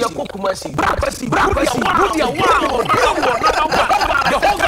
yɛkɔ kumasi bra pasi bra pasi wodi a wa ɔdɔ wɔ nana wa yɛhɔ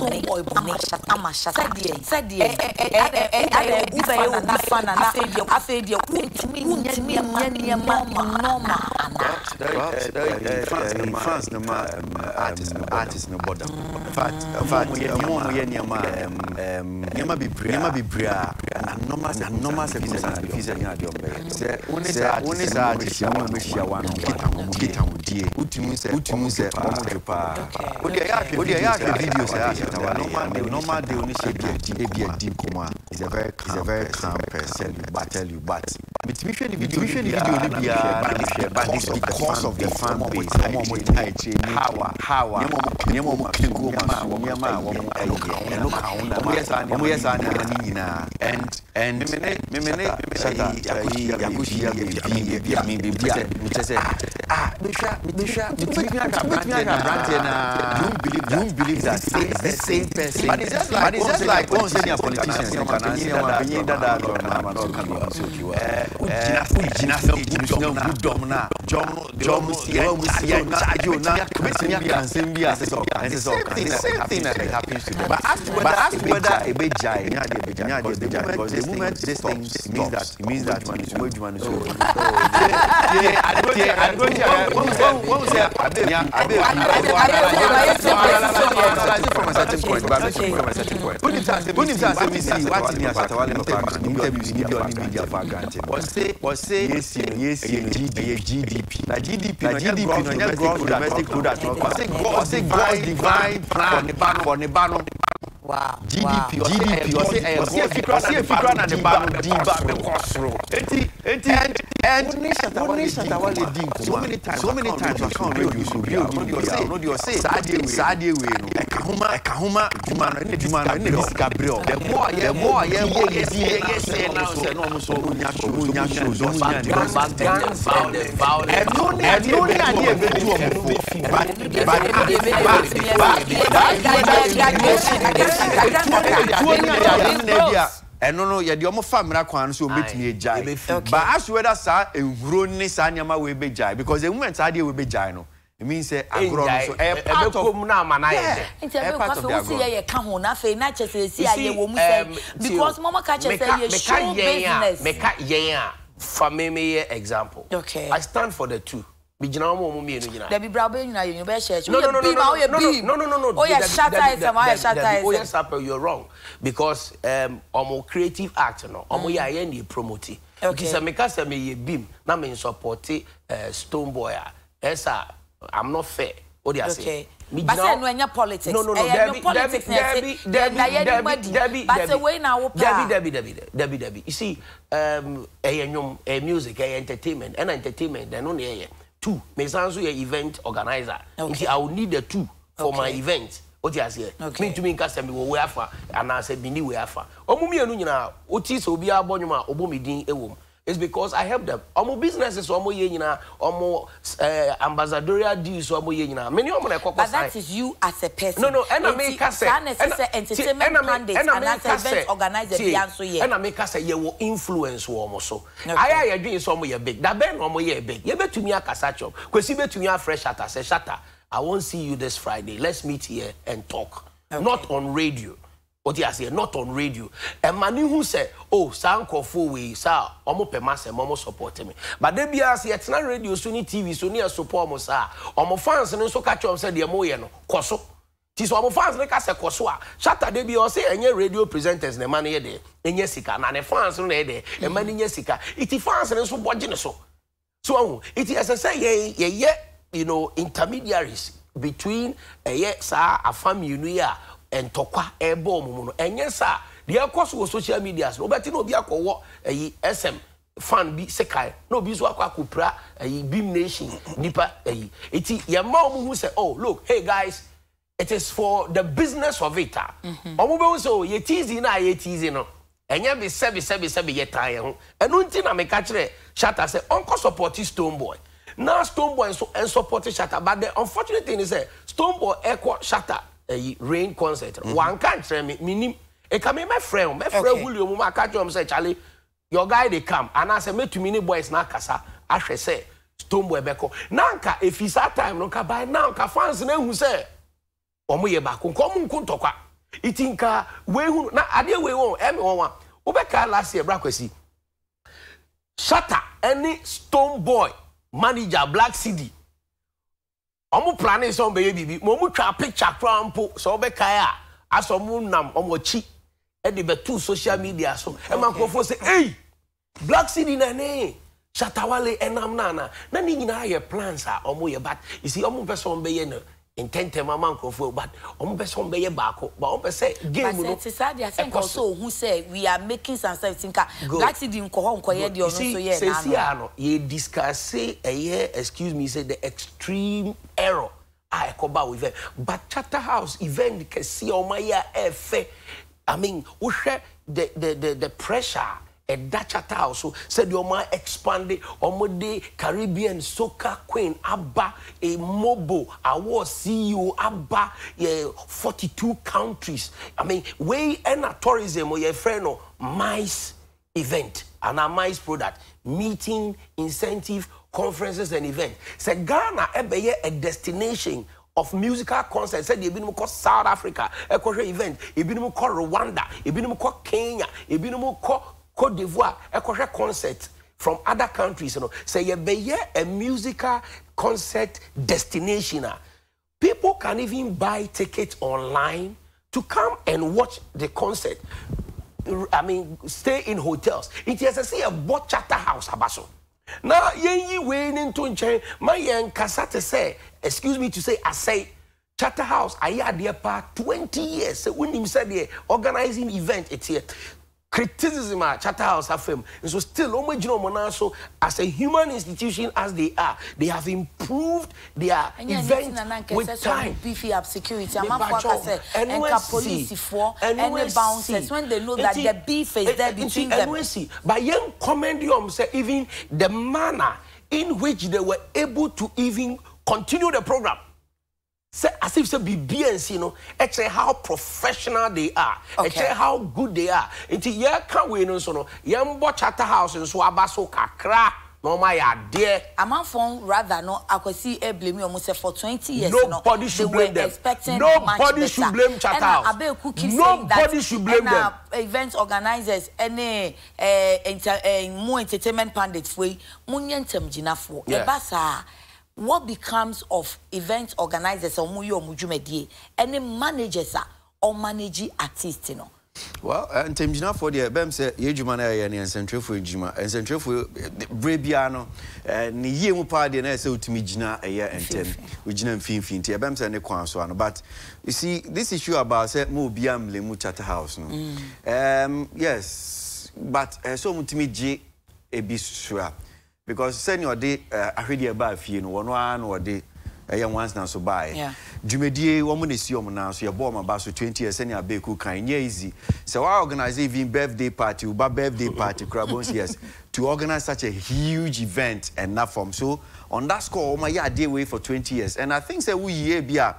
ton boy bone amasha sɛdeɛ sɛdeɛ ɛdɛ wobɛyɛ obi fa na na afei deɛ wontumi wontumi nyɛ nneɛma nɔma anaa france no ma artist no bɔda mo yɛ nneɛma nneɛma bebree a nɔma sɛ fi sɛ nyɛ adeɛ ɔbɛyɛ sɛ wone saa artist no mɛhyia wa no kita wo die wotumi sɛ wotumi sɛ paa wodeɛ yɛahwɛ video sɛ but our normal deal, normal deal, ni ṣe ebi ẹdi kuma is a very calm, is a very calm person. But tell you, but mitimi hwẹ ni video ni bi a bani hwẹ bani because of the fan base, ọmọ ọmọ tai tie ni hawa hawa nneema ọmọ kengu ọmọ aso nneema a wọn ayẹ ẹnu ka wọn na ọmọ yẹ saa ọmọ yẹ saa nneema ni nyinaa and and mímíní mímíní sata yakushi yakushi ebi a mi bi a mi kyerɛ sɛ ah mehwɛ mehwɛ mitimi hwẹ aka branteɛ na you don't believe that you don't believe that say this same person. But it's just like, but it's just like one senior politician can answer that. Can answer that. Ujina ujina ujina ujom na jom jom jom yẹn ṣáájú na ẹsìn bíi ẹsìn bíi ẹsìn ọkàn ẹsìn ọkàn ẹsìn ọkàn same thing that happens to them. But ask whether but ask whether ebe ja e nya de ebe ja because the moment the moment this thing means that means that mo juma ni so. Tiẹ tiẹ adoja wọn wọn sẹ abe abe abe abe abe abe abe abe abe abe abe abe abe abe abe checkpoint ba mi confirm na checkpoint onim sɛ asɛm si wate ne asatawale no paa interviews ni bi ɔne media fa grante ɔse ɔse yɛsie no yɛsie no ɛyɛ gdp na gdp na gdp no ɛnyɛ gross domestic product ɔse ɔse gross divine plan ɔne ba no ɔne ba no gdp gdp ɔse ɛyɛ ɔse efikura na ne ba no di ba bɛ kɔ soro eti eti and wọ́n ní ṣàtàwá lè di nkùmá so many times so many times wàá kàn rédíò so bí òdi bí ọ̀sẹ̀ ọ̀nà di ọ̀sẹ̀ sáadé wèé no ẹ̀ka homa ẹ̀ka homa juma no ẹ̀na juma no ẹ̀na bisika bere ọ̀ dẹ̀mọ́ ọ̀yẹ́mọ́ ọ̀yẹ́mọ́ yẹ yẹ sẹ́ náà sẹ́ náà ọ̀sẹ̀ náà ọ̀sẹ̀ náà ọ̀nyá ṣòwò ọ̀nyá ṣòwò ọ̀nyá ṣòwò ẹ̀nu ní adé ẹ̀ bẹ́ẹ̀ tú ọ̀mọ̀ fún bàtí bàtí bàtí bàtí ɛno no yɛde ɔmo fa mmira kwan no so obetumi egyae but as whether saa ehuro ne saa nneɛma wo ebegyae because the moment saa adeɛ wo ebegyae no it means sɛ agorɔ no so ɛyɛ eh, part of ɛbɛkɔm na ama na yɛ dɛ ɛyɛ part of the agorɔ nti ɛbɛkɔ yɛ ka ho n'afɛ n'a kyɛ sɛ esi ayɛ wɔ mu sɛ um, because mɔmɔ ka kyɛ sɛ yɛ show business meka yɛn a fa mi mi yɛ example okay i stand for the two mi gyina wɔn wɔn mmienu gyina. dabi bra bɛ nyina yɛ bɛ hyɛ ɛkyɛ oyɛ beam a oyɛ beam oyɛ shatter ɛsɛm oyɛ shatter ɛsɛm. oyɛ sapɛ you are wrong because um, ɔmo um, creative act no ɔmo mm. yɛ ayɛ ne promote. okay nti sɛ mi ka sɛ mi yɛ beam na mi nsɔpɔte ɛɛ uh, stone boy a ɛsɛ a i'm not fair o de ase. okay but say no enya politics no no no debi debi debi debi debi debi na wo pa debi debi debi debi debi you see um ɛyɛ nwom ɛyɛ music ɛyɛ entertainment ɛna entertainment ɛno na ɛyɛ two me san so yɛ event organizer okay. nti i will need the two for okay. my event o ti ase yɛ mi ntumi nka sɛ mi wɔ wɛ afa anaasɛ mi ni wɛ afa ɔmu mienu nyinaa o ti sɛ obi abɔ nnwom a ɔbɔ mi din ɛwɔ e mu is because I help them. Ọmọ businesses ọmọ yẹ nyinaa ọmọ eh, ambassadorial deals ọmọ yẹ nyinaa. Many ọmọ na ẹkọ kọ sign. But that is you as a person. No no ẹna mi ka sẹ. Saa na sẹ entertainment mandate anasa event organizer bi anso yẹ. Ẹna mi ka sẹ yẹ wọ influence wọ ọmọ so. Ayé a yẹ dwi sọ ọmọ yẹ big. Dabẹ na ọmọ yẹ big. Yẹ bẹ tumi akasa chop. Kwesi bẹ tumi afrẹ shatter sẹ shatter. I wan see you this Friday. Let's meet here and talk. Okay. Not on radio wɔte aseɛ not on radio ɛma ne hu sɛ o saa nkurɔfoɔ wei saa ɔmo pɛ ma sɛ ɔmo support me but de biara sɛ yɛtena radio so ne tv so ne yɛ support mo saa ɔmo fans no nso ka kyerɛ sɛ deɛ mo yɛ no kɔ so ti sɛ ɔmo fans no ka sɛ kɔ so a saturday bi ɔsɛ ɛnyɛ radio presenters na ɛma no yɛ deɛ ɛnyɛ sika na ne fans no na yɛ deɛ ɛma e no nyɛ sika iti fans no nso bɔ gye ne so so ɔmo iti ɛsɛ sɛ yɛ yɛyɛ you know intermediaries between ɛyɛ saa afa mmienu yi ntɔkwa ɛbɔ wɔn mu no ɛnyɛ saa deɛ ɛkɔ so wɔ social media so wobɛte na obi akɔwɔ ɛyi sm fan bi sekai na obi nso akɔ akɔpira ɛyi beam nation nipa ɛyi eti yɛn mma wɔn ho sɛ oh look hey guys it is for the business of it ah wɔn bɛ n sɛ oh, yɛ tiizi na yɛ tiizi no ɛnyɛ bi sɛbi sɛbi sɛbi yɛ taa yɛn ho ɛnu ti na mi ka kyerɛ shata sɛ ɔnkɔ support stone boy na stone boy nso ɛn support shata but the unfortunate thing is sɛ stone boy ɛkɔ shata ɛyi rain concert mhm. wanka nkyerɛ mi mi nim eka mi mɛfrɛ o mɛfrɛ wuli omu ma aka kyerɛ mu sɛ kyale your guy dey come anaasɛ mɛtumi ne boys na akasa ahwɛ sɛ stone boy bɛkɔ nanka efi saa time no nka by now nka fans na ehu sɛ wɔn yɛ baako nka wɔn nko ntɔkwa iti nka wehu na adeɛ wei wɔn ɛmi wɔn a wobɛka last year brakwesi shata ɛne stone boy manager black city ɔmo plane sɛ ɔmo bɛyɛ biribi ma ɔmo twa picture koraa mpo sɛ ɔbɛkae a asɛ ɔmo nam ɔmo akyi ɛde bɛtu social media so ɛma e nkurɔfoɔ sɛ ei black cd na ne shatawale ɛnam nana na ne nyinaa yɛ plans a ɔmo yɛ but esi ɔmo pɛ sɛ ɔmo bɛyɛ no ntɛntɛm ama nkurɔfoɔ but wɔn pɛ sɛ wɔn bɛyɛ baako but wɔn pɛ sɛ game no ɛkɔ so basɛ sɛ nkɔ so ohun sɛ we are making some sense nka black seed nkɔ hɔ nkɔyɛ deɛ ɔno nso yɛ n'ano sɛsi ano yɛ discuss ɛyɛ excuse me say the extreme error a ɛkɔba wɔ event but charter house event kɛseɛ ɔmo ayɛ a ɛɛfɛ i mean wohwɛ the the the the pressure ɛda chata so sɛdeɛ ɔmo expande ɔmo de caribbean soca queen aba mobo, award ceo aba yɛ 42 countries i mean wei ɛna tourism yɛfrɛ no mice event anaa mice product meeting incentive conferences and events sɛ ghana ɛbɛyɛ a destination of musical concerts sɛ deɛ ebinom kɔ south africa ɛkɔhwɛ event ebinom kɔ rwanda ebinom kɔ kenya ebinom kɔ Cote d'Ivoire ɛkɔhwɛ concert from other countries you no sɛ yɛbɛyɛ a musical concert destination people can even buy tickets online to come and watch the concert i mean stay in hotels It nti ɛsɛ sɛ yɛbɔ charter house aba so na yɛnyi wei ne nto nkyɛn ma yɛnkasa te sɛ excuse me to say I asɛe charter house ayɛ adeɛ paa 20 years sɛ wonim sɛdeɛ organizing event ɛteɛ criticism at Charterhouse FM. And so still, so as a human institution as they are, they have improved their and event and with time. Beefy up security. I'm not and police for any bouncers when they know that the beef is eh, there eh, between them. But young commend um, you say, even the manner in which they were able to even continue the program sɛ as if sɛ biribi nsi no ɛkyerɛ how professional they are ɛkyerɛ how good they are Into nti can we no so no yɛmbɔ charter house nso aba so kakra na ɔmo ayɛ adeɛ. amanfoɔ rather no akwasi blame ɔmo sɛ for 20 years no nobody should blame them nobody should blame charter house ɛna abeku keep nobody should blame them ɛna organizers, any, ɛne ɛɛ nta ɛɛ mu entertainment pundits we, mu nye ntɛm gyinafoɔ ɛba saa. Yeah what becomes of event organizers or muyo mujumedie any managers are or manage You know. well and ntɛmgyinafoɔ deɛ bɛm sɛ yɛ adwuma no ɛyɛ eh, eh, ne nsɛntwerɛfoɔ adwuma nsɛntwerɛfoɔ berɛ biara no ne yie mu paa deɛ na ɛsɛ wotumi gyina ɛyɛ ntɛm wogyina mfimfii nti ɛbɛm sɛ ne kwan so ano but you see this issue about sɛ ma obia mmle mu charter house no mm. um, yes but ɛsɛ uh, eh, so ɔmutumi gye ebi soa because sɛnea ɔde ahwedeɛ baa fie no one ara na ɔde young ones now so baeɛ dwumadie wɔn na esi wɔn na so you wɔn aba so twenty years sɛnea abeeku kan nyɛ easy So I organize even birthday party uba birthday party kura yes to organize such a huge event and not form so on that score my year day away for twenty years and i think say we here be a.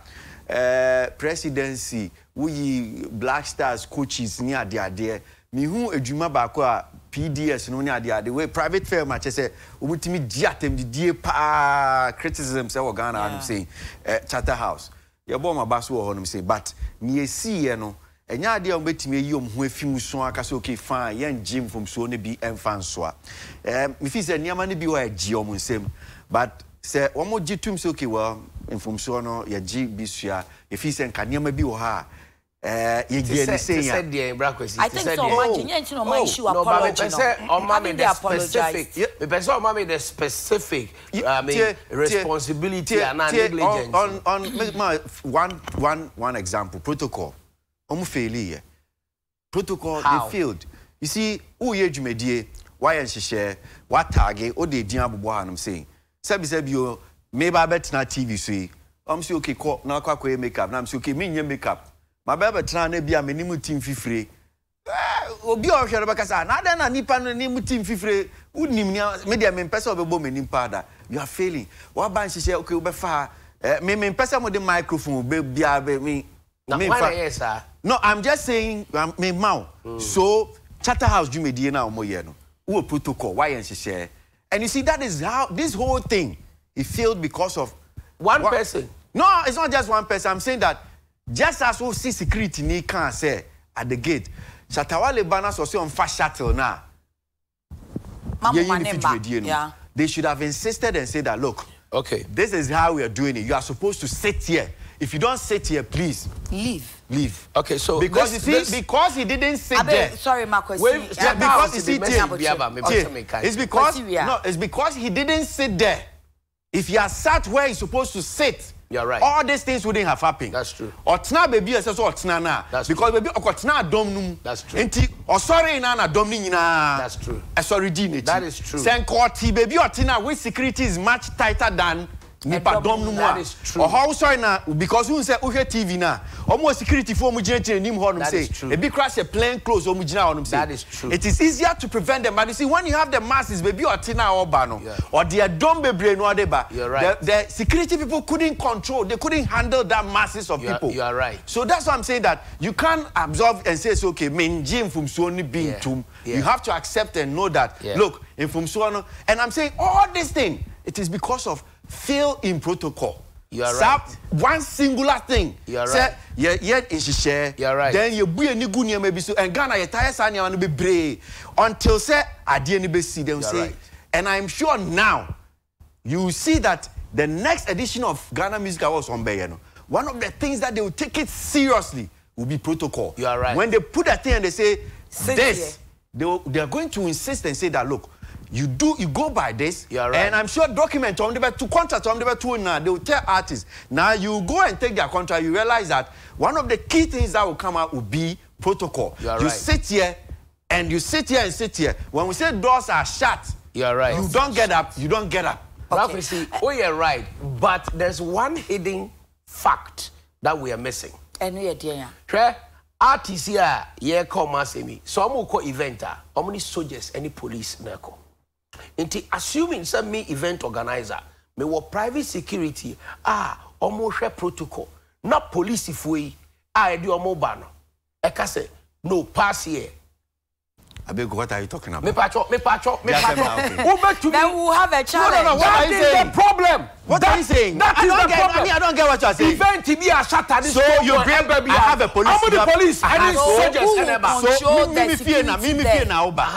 Eh, presidency we black stars coaches ne adeadeɛ mehu Me who a pds no ne adeade wei private fair ma kyɛ sɛ wɔmutumi di atɛmdidie paa criticism sɛ wɔ ghana anom sei eh, charter house yɛbɔ ma ba so wɔ hɔnom sei but ne yɛsiiɛ no ɛnyɛ adeɛ a wɔbɛtumi ayi wɔn ho afi mu so aka sɛ okay fine yɛngye mfomsuo no bi mfa nsoa eh, mefiri sɛ nneɛma no bi hɔ agye wɔn nsam but sɛ wɔn gye tum sɛ okay well mfomsuo no yɛgye bi sua efiri sɛ nka nneɛma bi wɔ ha a I think yɛgyɛnisɛyasɛdeɛ brakwasi sɛdeɛmepɛ sɛ ɔma me the specific mepɛ sɛ ɔma me the specific responsibility anaa negligence one example protocol ɔmo failiyɛ protocol they failed you see woyɛ dwumadie wayɛ nhyehyɛ watage wode din abobɔ hanom sei sɛbisɛ bio meba bɛtena tv so yi ɔm sɛ okay kɔ na wakɔ akɔyɛ makeup na m sɛ okay menyɛ makeup ma bɛɛ bɛtena ne bi a me ne mu ti mfifire eh, obi a ɔhwɛ no bɛkasa na adɛn na nipa no ne mu ti mfifire wonim ni me deɛ mempɛ sɛ wobɛbɔ m'anim paa da you are failing woaba nhyehyɛ okay wobɛfa eh, me mempɛ sɛ mode microphone biaa bɛ me mefa no i'm just saying um, me ma wo hmm. so charterhouse dwumadie no a wɔmɔyɛ no wowɔ protocol woayɛ nhyehyɛɛ and you see that is how this whole thing it failed because of one what? person no it's not just one person i'm saying that just as we see security ni kan sɛ at the gate shatawale bana sɔ sɛ ɔnfa shuttle na yɛyi ni fitiri die no they should have insisted and said that look okay this is how we are doing it you are supposed to sit here if you don't sit here please leave leave. Okay, so because this, you see, this, because he didn't sit Abe, there. Sorry, Marcus. Wait, yeah, because you see, it's because no, it's because he didn't sit there. If he had sat where he's supposed to sit, You're right. All these things wouldn't have happened. That's true. Or tna baby says or tna na. That's because baby or tna domnum. That's true. Enti or sorry na na domni na. That's true. A Sorry, That is true. Sen court baby or tina, with security is much tighter than nipa dɔm no mu a ɔhɔ wosɔre na because wohu sɛ wohwɛ tv no a ɔmo securityfoɔ mu gyinagyina anim hɔnom se ebi kora hyɛ plain clothes ɔmo gyina hɔnom se it is easier to prevent them but you see when you have the masses baabi ɔte no a ɔba no ɔde ɛdɔm bebree no ɔde ba the security people couldn't control they couldn't handle that masses of You're, people you are right so that's why i'm saying that you can't absorb and say so okay mengye mfomsoɔ no bi ntom you have to accept and know that yeah. look mfomsoɔ no and i'm saying all this thing it is because of fail in protocol. You are right. one singular thing. You are right. Say, yet nhyehyɛ. You are right. Then you bu eni gu nneɛma bi so and Ghana yɛ You want to be brave until sɛ adeɛ no bɛ si them say right. and I am sure now you see that the next edition of Ghana Music Awards on Bɛyɛ no one of the things that they will take it seriously will be protocol. You are right. When they put that thing and they say Sit this, they, they are going to insist and say that look you do you go by this right. and i'm sure document on the to contract on the two now they will tell artists now you go and take their contract you realize that one of the key things that will come out will be protocol you, you sit here and you sit here and sit here when we say doors are shut you're right you don't get up you don't get up okay. oh you're right but there's one hidden fact that we are missing and we are doing. yeah artists here yeah come as me so i'm going event How many soldiers any police now nti assuming sɛ me event organizer mewɔ private security a ɔmohwɛ protocol na polisifoɔ yi a ɛde ɔmo ba no ɛka sɛ no pass here. what are you talking about? Me Mepacho, mepacho, mepacho. Uber to me. Then we'll have a challenge. No, no, no. What that are you is the problem. What that, are you saying? That I is the get, problem. I mean, I don't get what you are saying. Event to be a shatter. This so you bring baby. I have a police. I'm the police. I need soldiers. So, so, so, so, so, me so, so, so, so, so, so, so, so, so, so, so,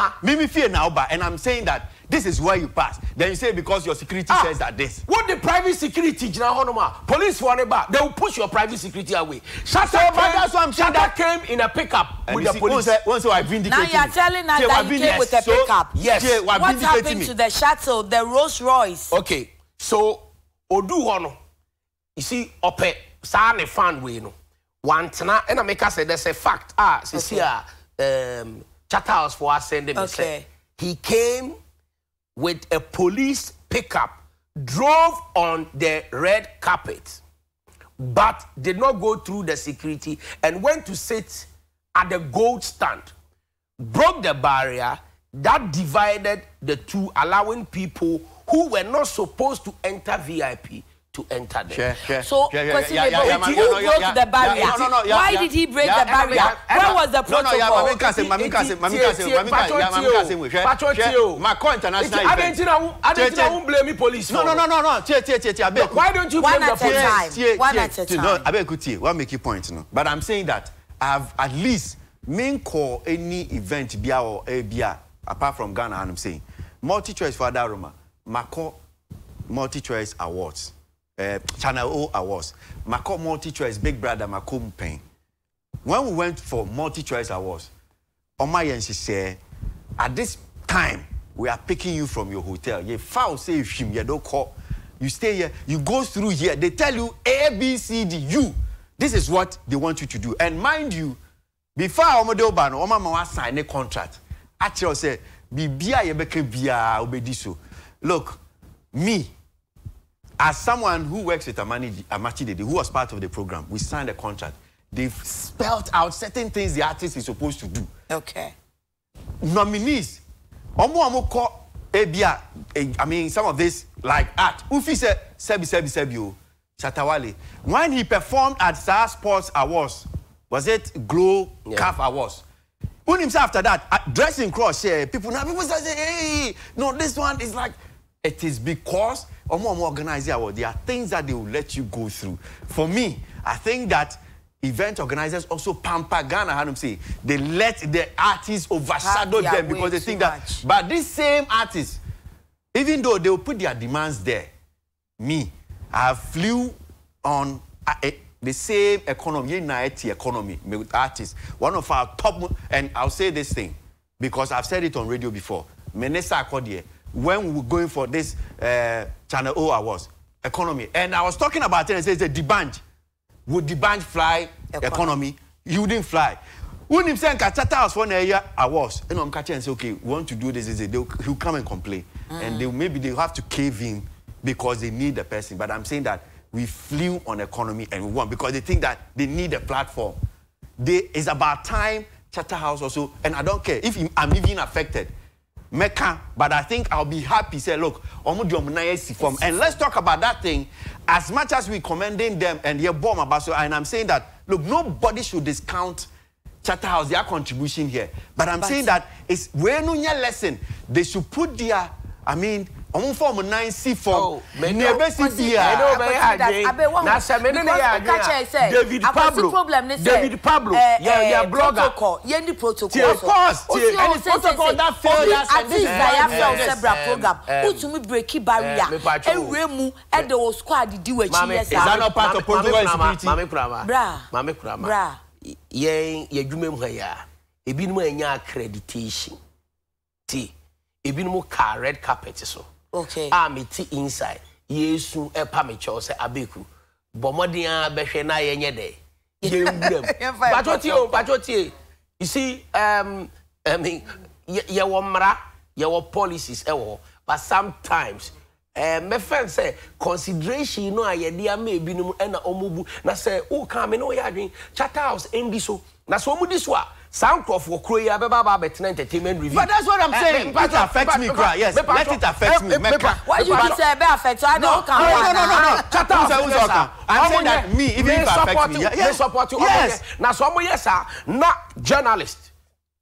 so, so, so, so, so, this is where you pass then you say because your security ah, says that this. What the private security Jina hɔ noma police for ne they will push your private security away. shatta so, came that's why that came in a pickup and eh, with the see, police. once once i vindicate me. now you are telling us that you came with a pickup. so yes jay wa vindicate me. what happened to the shuttle the rolls royce. okay so odu hɔ you see Ope, saa ne fan wei no wantena Ena meka say there's a fact ah sisi a ah, um, chatter house for us send me okay. say he came. with a police pickup drove on the red carpet, but did not go through the security and went to sit at the gold stand, broke the barrier that divided the two, allowing people who were not supposed to enter VIP to enter there. Sure, sure, so, sure, sure, question yeah, yeah, yeah, who no, broke yeah, the barrier? Yeah, no, no, yeah, Why yeah, did he break yeah, the barrier? Yeah, Where was the protocol? No, no, yeah, Macron international event. I don't know, I don't blame police. No, no, no, no, no. Tie, tie, tie, tie. Why don't you blame the police? One at a time. No, I beg you, tie. One make your point, no. But I'm saying that I've at least main call any event bia or eh, bia apart from Ghana, and I'm saying multi choice for that Roma. Macron multi choice awards. Eh, Channel O Awards. my call Multi Choice, Big Brother, Mako Mpeng. When we went for Multi Choice Awards, Oma Yensi said, at this time, we are picking you from your hotel. You foul say if you don't call. You stay here, you go through here. They tell you A, B, C, D, U. This is what they want you to do. And mind you, before Omode Obano, Oma Mawa sign a contract. Actually, I said, Bibia Yebeke Bia so. Look, me, as someone who works with Amani Amachidede, who was part of the program, we signed a contract. They've spelled out certain things the artist is supposed to do. Okay. Nominees. Omo omo ko ebia. E, I mean, some of this like art. Ufi se sebi sebi sebi o. Oh, Shatawale. When he performed at SAR Sports Awards, was it Glow yeah. Calf Awards? When himself after that, ah, dressing cross, yeah, people now people say, hey, no, this one is like, it is because ọmọ ọmọ organize award there are things that they will let you go through for me i think that event organizers also pamper Ghana Hanum say they let the artists overshadow ah, them because they think that but these same artists even though they will put their demands there me I flew on uh, uh, the same economy United economy with artists one of our top and I'll say this thing because I've said it on radio before Minister Akodie when we were going for this uh, Channel O I was economy, and I was talking about it and say, say, "Debank would debank fly economy. economy? You wouldn't fly." When him say, saying Kachata for one area, I was. And I'm catching and say, okay, we want to do this. They will, come and complain. Mm. And they maybe they have to cave in because they need the person. But I'm saying that we flew on economy and we won because they think that they need a platform. They, it's about time house also, and I don't care if I'm even affected meka but i think i'll be happy say look ọmọ di ọmọ náà form and let's talk about that thing as much as we commending them and yẹ bomb ọmọ abaso and i'm saying that look nobody should discount Chatterhouse their contribution here but i'm but saying that it's wey no lesson they should put their i mean ɔmo fɔm nan si fɔm na ebesi bi a na sɛ mi ni ne yɛ adwe a david pablo david pablo yɛ yɛ blogger yɛ ni protocol tie course tie ɛni protocol da fail ya sɛ this is my first sebra program utumi eh, eh. breki barrier ewe eh, mu ɛde o squad di wɔ akyi yɛ sa maame kurama maame kurama bra maame kurama yɛn yɛ dwuma mu ha yɛ a ebinom anya accreditation ti ebinom kaa red carpet so a mete inside yesu ɛpa e me kyɛw sɛ abeku bɔ mmɔden a bɛhwɛ na yɛnyɛ dɛ yɛnwuram patwɔ tie o patwɔ tie you see um, I mean, yɛwɔ mmara yɛwɔ policies ɛwɔ e hɔ but sometimes eh, mɛfɛn sɛ consideration no a yɛde ama ebinom ɛna e ɔmo bu na sɛ o oh, kan mi na o yɛ adwene charter house ndi so na sɛ ɔmo di so a saa nkurɔfoɔ kuro yi abɛba aba entertainment review. but that's what i'm eh, saying. Let it affect eh, me kura yes let it affect me meka. why you be say ebe affect you i don't kan wa. no no no no shut up wusa wusa ọkan i'm saying that me even if it affect me yes yes support you yes na so ọmọ yẹ sa na journalist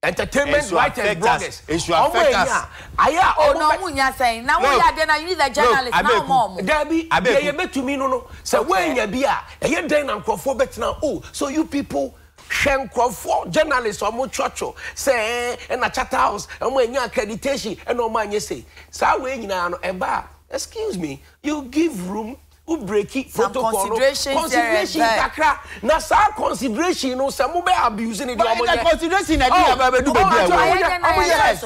entertainment writers bloggers ọmọ yẹn yà ayé a ọmọ bẹ. No. yẹn sẹyìn na wọn yà dé na you need a journalist na ọmọ ọmọ. dabi yẹ yẹ bẹtumi No. No. wọn yẹn bi a ẹ yẹ dẹ́n na nkurɔfoɔ bẹ tena o oh, so you people hwɛ nkurɔfoɔ journalist ɔmo twɔtwɔ sɛ ɛna charter house ɔmo anya accreditation ɛna ɔmo anya se saa wei nyinaa no ɛba excuse me you give room wo breki protocol no consideration kakra na saa consideration no sɛ mo bɛ abuse ne de ɔmo yɛ consideration na di yaba bɛ du baabi awɔ ɔmo yɛ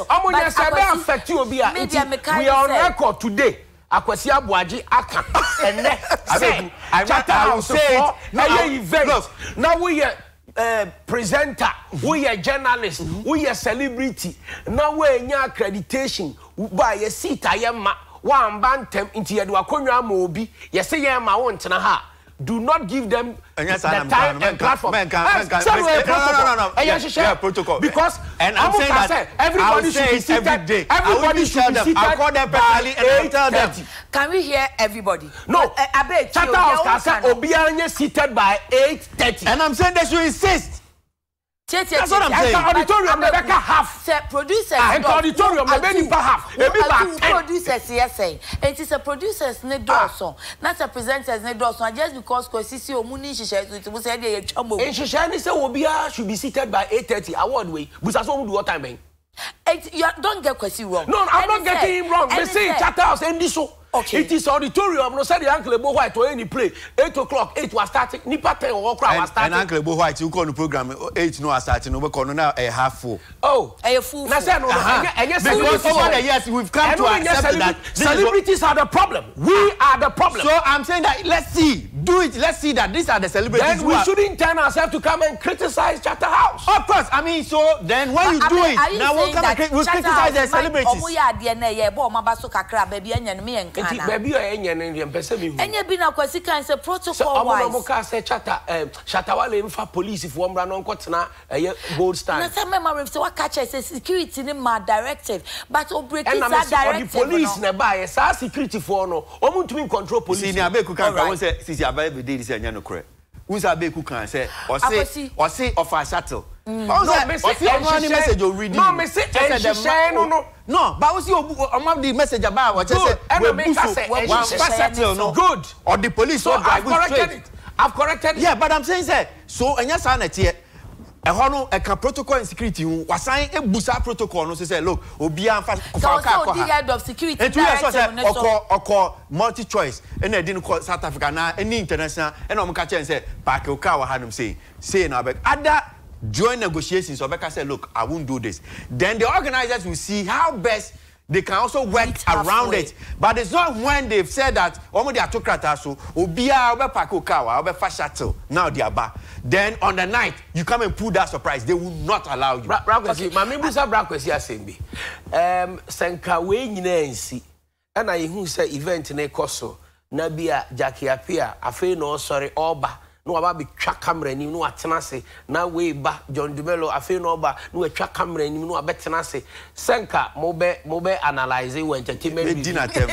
ɔmo yɛ sɛ bɛ affect obi a nti we are on record today akwasi abuagye aka ɛnɛ sɛ charter house foɔ ɛyɛ event na woyɛ uh, presenter woyɛ journalist who mhm. woyɛ celebrity na woanya accreditation ba yɛ seat a yɛma woamba ntɛm nti yɛde wakɔnnwa ama obi yɛsɛ yɛn ma wontena ha a do not give them the time and platform. Men can, protocol. No, no, no, no. Yeah, protocol. Because and I'm saying that everybody should be seated. Every day. Everybody should be seated. I'll call them personally and I'll tell them. Can we hear everybody? No. I beg. Chata Oscar said Obianye seated by 8.30. And I'm saying they should insist that's what i'm saying ẹka auditorium na bẹka half sẹ producers dọ ẹka auditorium na bẹ nipa half ebi ba ten producers yẹ it is a producers ne ah. dọọsọ Not a presenters ne dọọsọ just because kò sisi omu ni she says, mu sẹ ẹ a yẹ twẹ she says, ni sẹ should be seated by eight thirty award wey busaso omu do all time bẹn. Eh? don't get Kwesi wrong. no i'm not getting him wrong me say chata house ndi so okay it is auditorium no the uncle ebo white oyè any play eight o'clock eight was starting nípa ten or kura was starting. ẹn uncle ebo white you call the program eight no was starting o bẹ kọ́ now na ẹ ha oh ẹ eh, yẹ full full na sẹ́ni o because over the years we've come to accept that celebrities are the problem we are the problem. so i'm saying that let's see do it let's see that these are the celebrities then we shouldn't turn ourselves to come and criticize chatter house. of course i mean so then when you do it na we come and criticize the celebrities. ọmọ yẹ adiẹ náà yẹ ẹ bọ ọmọ abá so kakra bẹẹbi ẹ yẹn mi nka na baabi a ɛnyɛ no deɛ mpɛ sɛ mehu ɛnyɛ bi na kwasi kan sɛ protocol wise sɛ ɔmo na ɔmo kaa sɛ chata ɛm shatawale nfa polisifoɔ mmra na ɔnkɔtena ɛyɛ gold star na sɛ mɛma rɛ sɛ waka kyɛ sɛ ne ma directive but obreki saa directive no ɛnna mɛ police na ɛbaayɛ saa security foɔ no ɔmo ntumi ni abeku kan kan wɔn sɛ sisi abeku kan sɛ ɔsi ɔsi ɔfa Mm. no but se ehyehyɛ no no obu ọmọ di message about awọ kyerɛ sɛ wo ebu so wa nfa settle no good the police or drive straight i've corrected it yeah but i'm saying sɛ so ɛnyɛ saa na teɛ ɛhɔ no ɛka protocol and security ho wasan ebu busa protocol no sɛ look obiara nfa kɔkɔ akɔ ha etu yɛ sɔ sɛ ɔkɔ ɔkɔ multi choice ɛna ɛdi no kɔ south africa na ɛni international ɛna ɔmo ka kyɛn sɛ paaki o kaa wɔ ha nom sei sei na abɛ ada during negotiations Obeka say look i won't do this then the organisers will see how best they can also work Meet around halfway. it but it's not when they said that ọmọ di atokrata so obiara ọbẹ pako car wa ọbẹ fa shuttle now di aba then on the night you come and pull that surprise they will not allow you. brakwesi maame busa brakwesi asembi sankawe nyinaa nsi ɛna yehu sɛ event ne kɔ so na bi a jackie apia afei na ɔsɔre ɔba na waba abɛtwa camera anim na watena ase na weiba john dumelo afei na ɔba na watwa kamera anim na wabɛtena ase sɛnka mobɛ mobɛ analyze wɔ entertainment review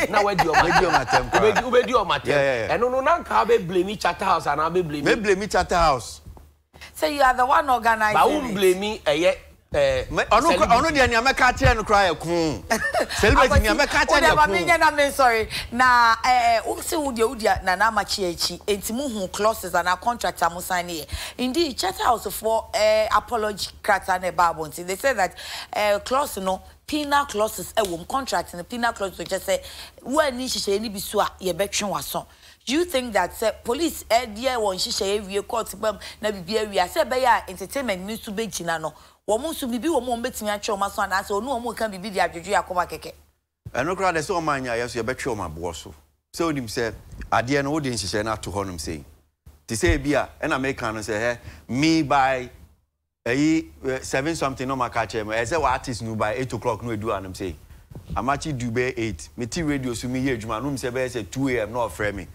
na wadi ɔma atɛm wobɛdi ɔma atɛm ɛno no na nka wabɛble mi charter house anaa wabɛble mi. mɛble mi charter house. so you are the one organizing it. ba wo mble mi ɛyɛ ɔno deɛ nea mɛka kyerɛ no koraa yɛ koo celebrate nea mɛka kyerɛ yɛ koo menyɛ na me nsɔre na wose wo deɛ wodeɛ nana amakye akyi enti mohu clauses anaa contract a mo sign yɛ indeed charter housefoɔ apology krata na ɛba abɔnti they say that uh, clause no penal clauses ɛwɔ mu contract no penal clauses to kyɛ sɛ woani nhyehyɛeɛ no bi so a yɛbɛtwe waso do you think that uh, police ɛdeɛ wɔn nhyehyɛeɛ wie court bam na biribi awie a ɛbɛyɛ a entertainment ne nso bɛgyina no wɔn nso biribi wɔn a wɔbɛtumi atwa wɔn aso anaasɛ ɔno wɔn ka biribi de adwodwo akɔma kɛkɛ. ɛno koraa de sɛ ɔma anya yɛ so yɛbɛtwe wɔn aboɔ so sɛ onim sɛ adeɛ no wode nhyehyɛ no ato hɔnom sɛ te sɛ ebi a ɛna meka no sɛ hɛ me by ɛyi eh, seven something na ɔma ka kyerɛ mu ɛsɛ wɔ artist no by eight o'clock no edu anom sɛ amakyi du bɛyɛ eight me radio so me yɛ adwuma no mu sɛ bɛyɛ sɛ two am na ɔfrɛ me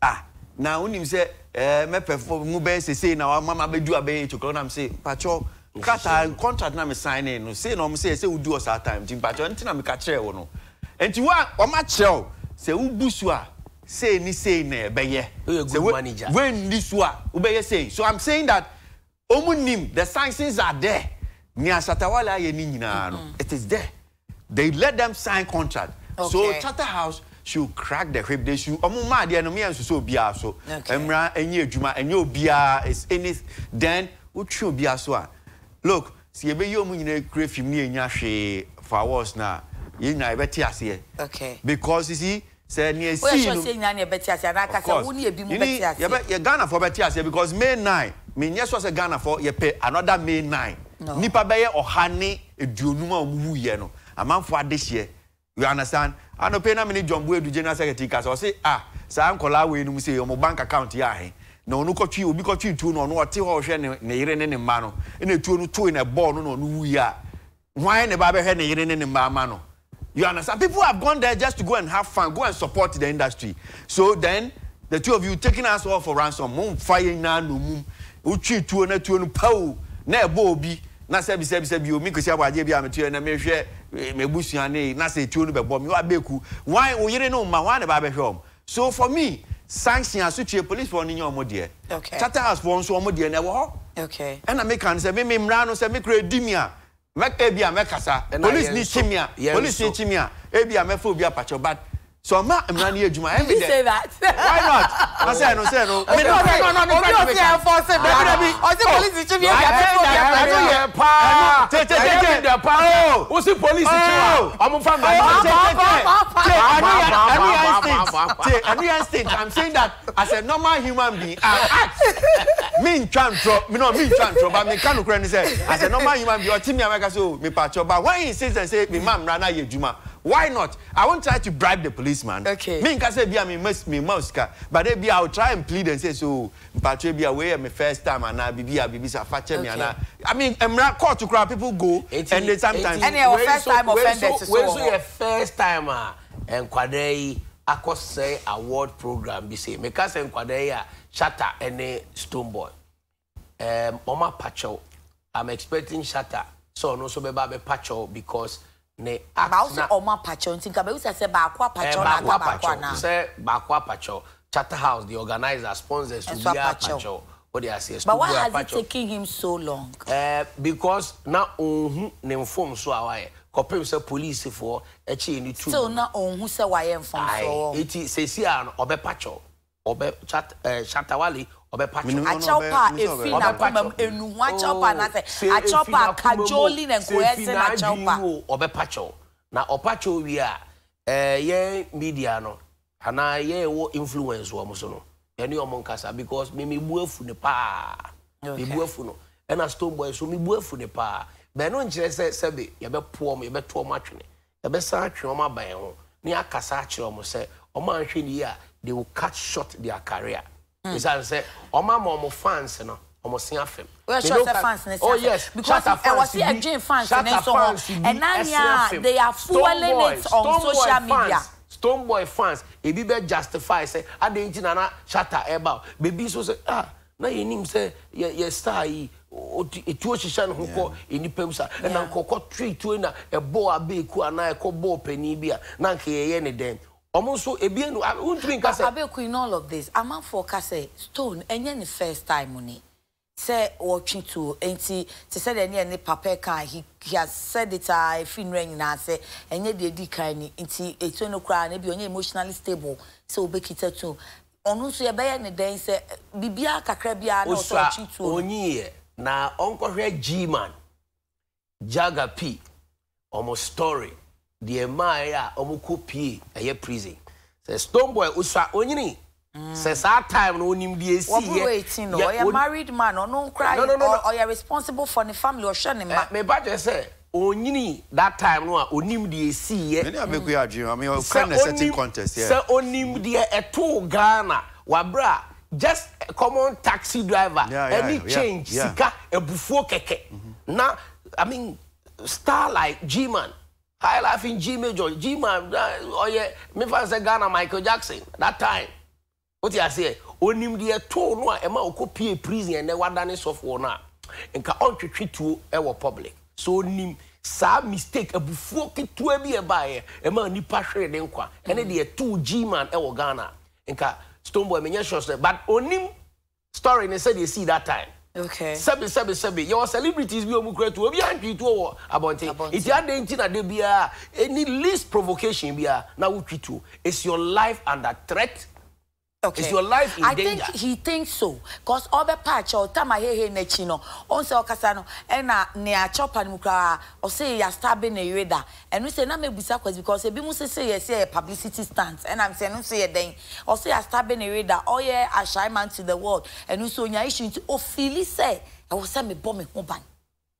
ah na wonim sɛ ɛɛ mɛpɛ fo mu bɛyɛ sɛ na wamama ma bɛdu abɛyɛ eight o'clock na m sɛ mpakyɛw krataa contract na mi sign in no sei na ɔmo sɛ ɛsɛ wodi ɔsaa time ti mpatsɛ ɛnti mi ka kyerɛ wɔ no nti wa ɔmo akyerɛ o sɛ wubu so a sei ni sei na ɛbɛyɛ sɛ wendi so a wobɛyɛ sei so i'm saying that ɔmo nim the sciences are there nea shatawale ayɛ ni nyinaa no it is there they let them sign contract okay. so House should crack the whip they should ọmọ mmaa deɛ no mi yɛ nsoso obiara so mmira enyi edwuma enyi obiara is any then wotwi obiara so a look si sɛ yɛbɛyi ɔmu nyinaa kura fim ne yɛnya hwee fawɔs no a yɛn nyinaa yɛbɛte aseɛ because you see sɛ nea ɛsii no yɛghanafoɔ bɛte aseɛ because may nine menyɛ sɔ sɛ ghanafoɔ yɛpɛ another may nine nnipa bɛyɛ ɔha ne aduonum a ɔmuwuyɛ no amanfoɔ adehyeɛ you understand anɔpɛ na mene john boadu general secretary ka sɛ ɔse ah saa nkɔlaa wei no mu ɔmo bank account yɛ ahe na ɔno kɔtwi obi kɔtwi tuo no ɔno ɔte hɔ ɔhwɛ ne ne yere ne ne mma no ɛna tuo no toe na bɔɔl no na ɔno wuyi a hwan na ba bɛhwɛ ne yere ne ne mma ama no you understand people have gone there just to go and have fun go and support the industry so then the two of you taking us all for ransom mo nfa yɛn nyinaa na omum wotwi tuo na tuo no pawo na ɛbɔ obi na sɛbi sɛbi sɛbi omi kò si abɔagye bi a mi tuo na mi hwɛ eh, mi busua ne na sɛ tuo no bɛ bɔ mi wa beeku hwan oyere ne ma hwan na ba bɛhwɛ wɔn so for me sanction asotwe policefoɔ no nyɛ ɔmo deɛ charter housefoɔ nso ɔmo deɛ na ɛwɔ hɔ ɛna meka no sɛ meme mmara no sɛ mekora di mi a mɛka bi a mɛkasa police ne kyi me a police ne kyi me eh, a ebi a mɛfa obi apakyɛ but so ọma mmeran yẹ adwuma ẹn mi dẹ why not ọsẹ ẹnu ọsẹ ẹnu. obi ọsẹ ẹ fọ ọsẹ bẹẹ bẹẹ bi ọsẹ polisi tí mi yẹ bẹẹ bẹẹ bẹẹ bẹẹ bẹẹ yẹ paa tètè tètè dẹ paa o si polisi tí wa ọmọ fa ma ma ma ma ma ẹnu yẹ instinct tè ẹnu yẹ instinct i'm saying that as a normal human being i act mi n twa n tọ mi náà mi n twa n tọ ba mi kanu kura ni sẹ as a normal human being ọtí mi àwọn ẹka sẹ o mi pàtó ba when he say say mi ma mmeran náà yẹ adwuma why not i won't try to bribe the policeman. okay me nka say bi a mi mas mi ma osika but ebi i will try and plead and say so mpatro bi a wey mi first time ana bibi a bibi sa fa kyɛ mi ana i mean mra court kura people go and they sometimes. ɛni ɛwɔ first time offender ti so wɔ hɔ ah, wɛnso first time a nkwadaa yi akɔsɛ award program bi se meka sɛ nkwadaa ah, yi a shatter ɛne stone boy ɛɛm um, ɔmo apakyɛw i'm expecting shatter sɛ so ɔno nso bɛba abɛpakyɛw because ne act na. ọmọ apàtsọ nti nka bẹẹ wusa sẹ baako apàtsọ na aka baako ana. Sẹ baako apàtsọ charter house the organiser sponsors obi apàtsọ o de ase studio apàtsọ. But why has it taken him so long? Uh, because na ohun ne nfom so a wayɛ kɔpem sɛ polisifoɔ akyi ni tu. Still na ohun wa wayɛ nfom so. Ayi eti sesi a ɔbɛ pàtsọ ɔbɛ chat uh, ọbẹpa achọpa efi na kumem enu achọpa na sẹ achọpa kajoli na nkoyẹ sẹ na achọpa. ọbẹpa kyọ na ọpa kyọ wi a yẹ media no ana yẹ wọ influence wọn so no yẹ ni ọmọ nkasa because mi mi bu efu ni paa mi bu efu no ɛna stone boy so mi bu efu ni paa bẹẹni nkyerɛ sɛ sɛbi yɛ bɛ po ɔmo yɛ bɛ to ɔmo atwene yɛ bɛ san atwene ɔmo aban ho ne akasa akyerɛ ɔmo sɛ ɔmo ahwɛ ni yie a they will cut short their career bisan sɛ Oma mo ɔmo fans no Omo sin afɛm. Well, sure, fans ne oh yes, because I was here again fans ne so on, and now they are fueling it on social media. Stoneboy boy fans, ebi bɛ justify sɛ adan ti nana shatter ɛba beebi so sɛ ah na yɛ nim sɛ yɛ yɛ star yi etuo hyehyɛ ne ho kɔ e nipa mu sa ɛna nkɔkɔ tue tue na ɛbɔ abeeku e anaa ɛkɔ e bɔɔ panyin bi a na nka yɛyɛ ne dɛm ọmọ a ebi enu ntumi nka sẹ. abeku in all of this I'm ka sẹ stone ẹnyẹ ni first time money. Say watching tuo nti te sẹ dẹ any any paper ka he he has said it a efi nnura nyinaa sẹ ẹnyẹ deɛ di kan ni nti etu no koraa na ebi onye emotionally stable sẹ obekita tuo ɔno nso yɛbɛyɛ ne dɛn sɛ Bibia kakra biara na ɔsɛ ɔtwi tuo. onyiiɛ Uncle Red g-man jaga p Almost story deɛ mmaayɛ a wɔkɔ pie ɛyɛ prison sɛ stone boy osua onyini sɛ saa time no onim deɛ esi yɛ wɔbɔ eighteen no ɔyɛ married man ɔno nkura ɔyɛ responsible for ne family ɔhwɛ ne mma. mɛ ba jɛ sɛ onyini that time no onim deɛ esi yɛ. mɛ ní abẹ́kú yà adwiri ma mi ọ̀ kẹ́ na setting contest yɛ. sɛ onim deɛ ɛtó ghana wabra just a common taxi driver any change yeah. sika ebufuo kɛkɛ na i mean star like g-man high life in G major G man ọyẹ mefa sẹ Ghana Michael Jackson that time What o ti ase onimdeɛ too no a ɛma okɔ pie prison ɛnɛ e wadane sɔfoɔ no a nka ɔntwetwe tuo ɛwɔ e public so onim saa mistake abufuo ketewa bi ɛbaeɛ e ɛma nipa hwere ne nkwa ɛne deɛ too G man ɛwɔ Ghana nka Stonebwoy menyɛ sure sɛ but onim story ne sɛdeɛ see that time okay sabi. sẹbi sẹbi yẹ wọ celebrities bi omu kura tu obi atwi tu wọ abọnten eti adan ti na de bia any least provocation bia na wotwi tu is your life under threat. Okay. Is your life in I danger? I think he thinks so. Cause obe patch or tama he he nechi no. Onse okasa no. Ena ne achopa ni mukra. or say ya stabe ne yueda. And we say na me busa kwezi because ebi mu say say yes say publicity stunt, And I'm saying no say then. or say ya stabbing ne yueda. Oh yeah, I shy man to the world. And we so nya issue to ofili say. I was say me bomb me ban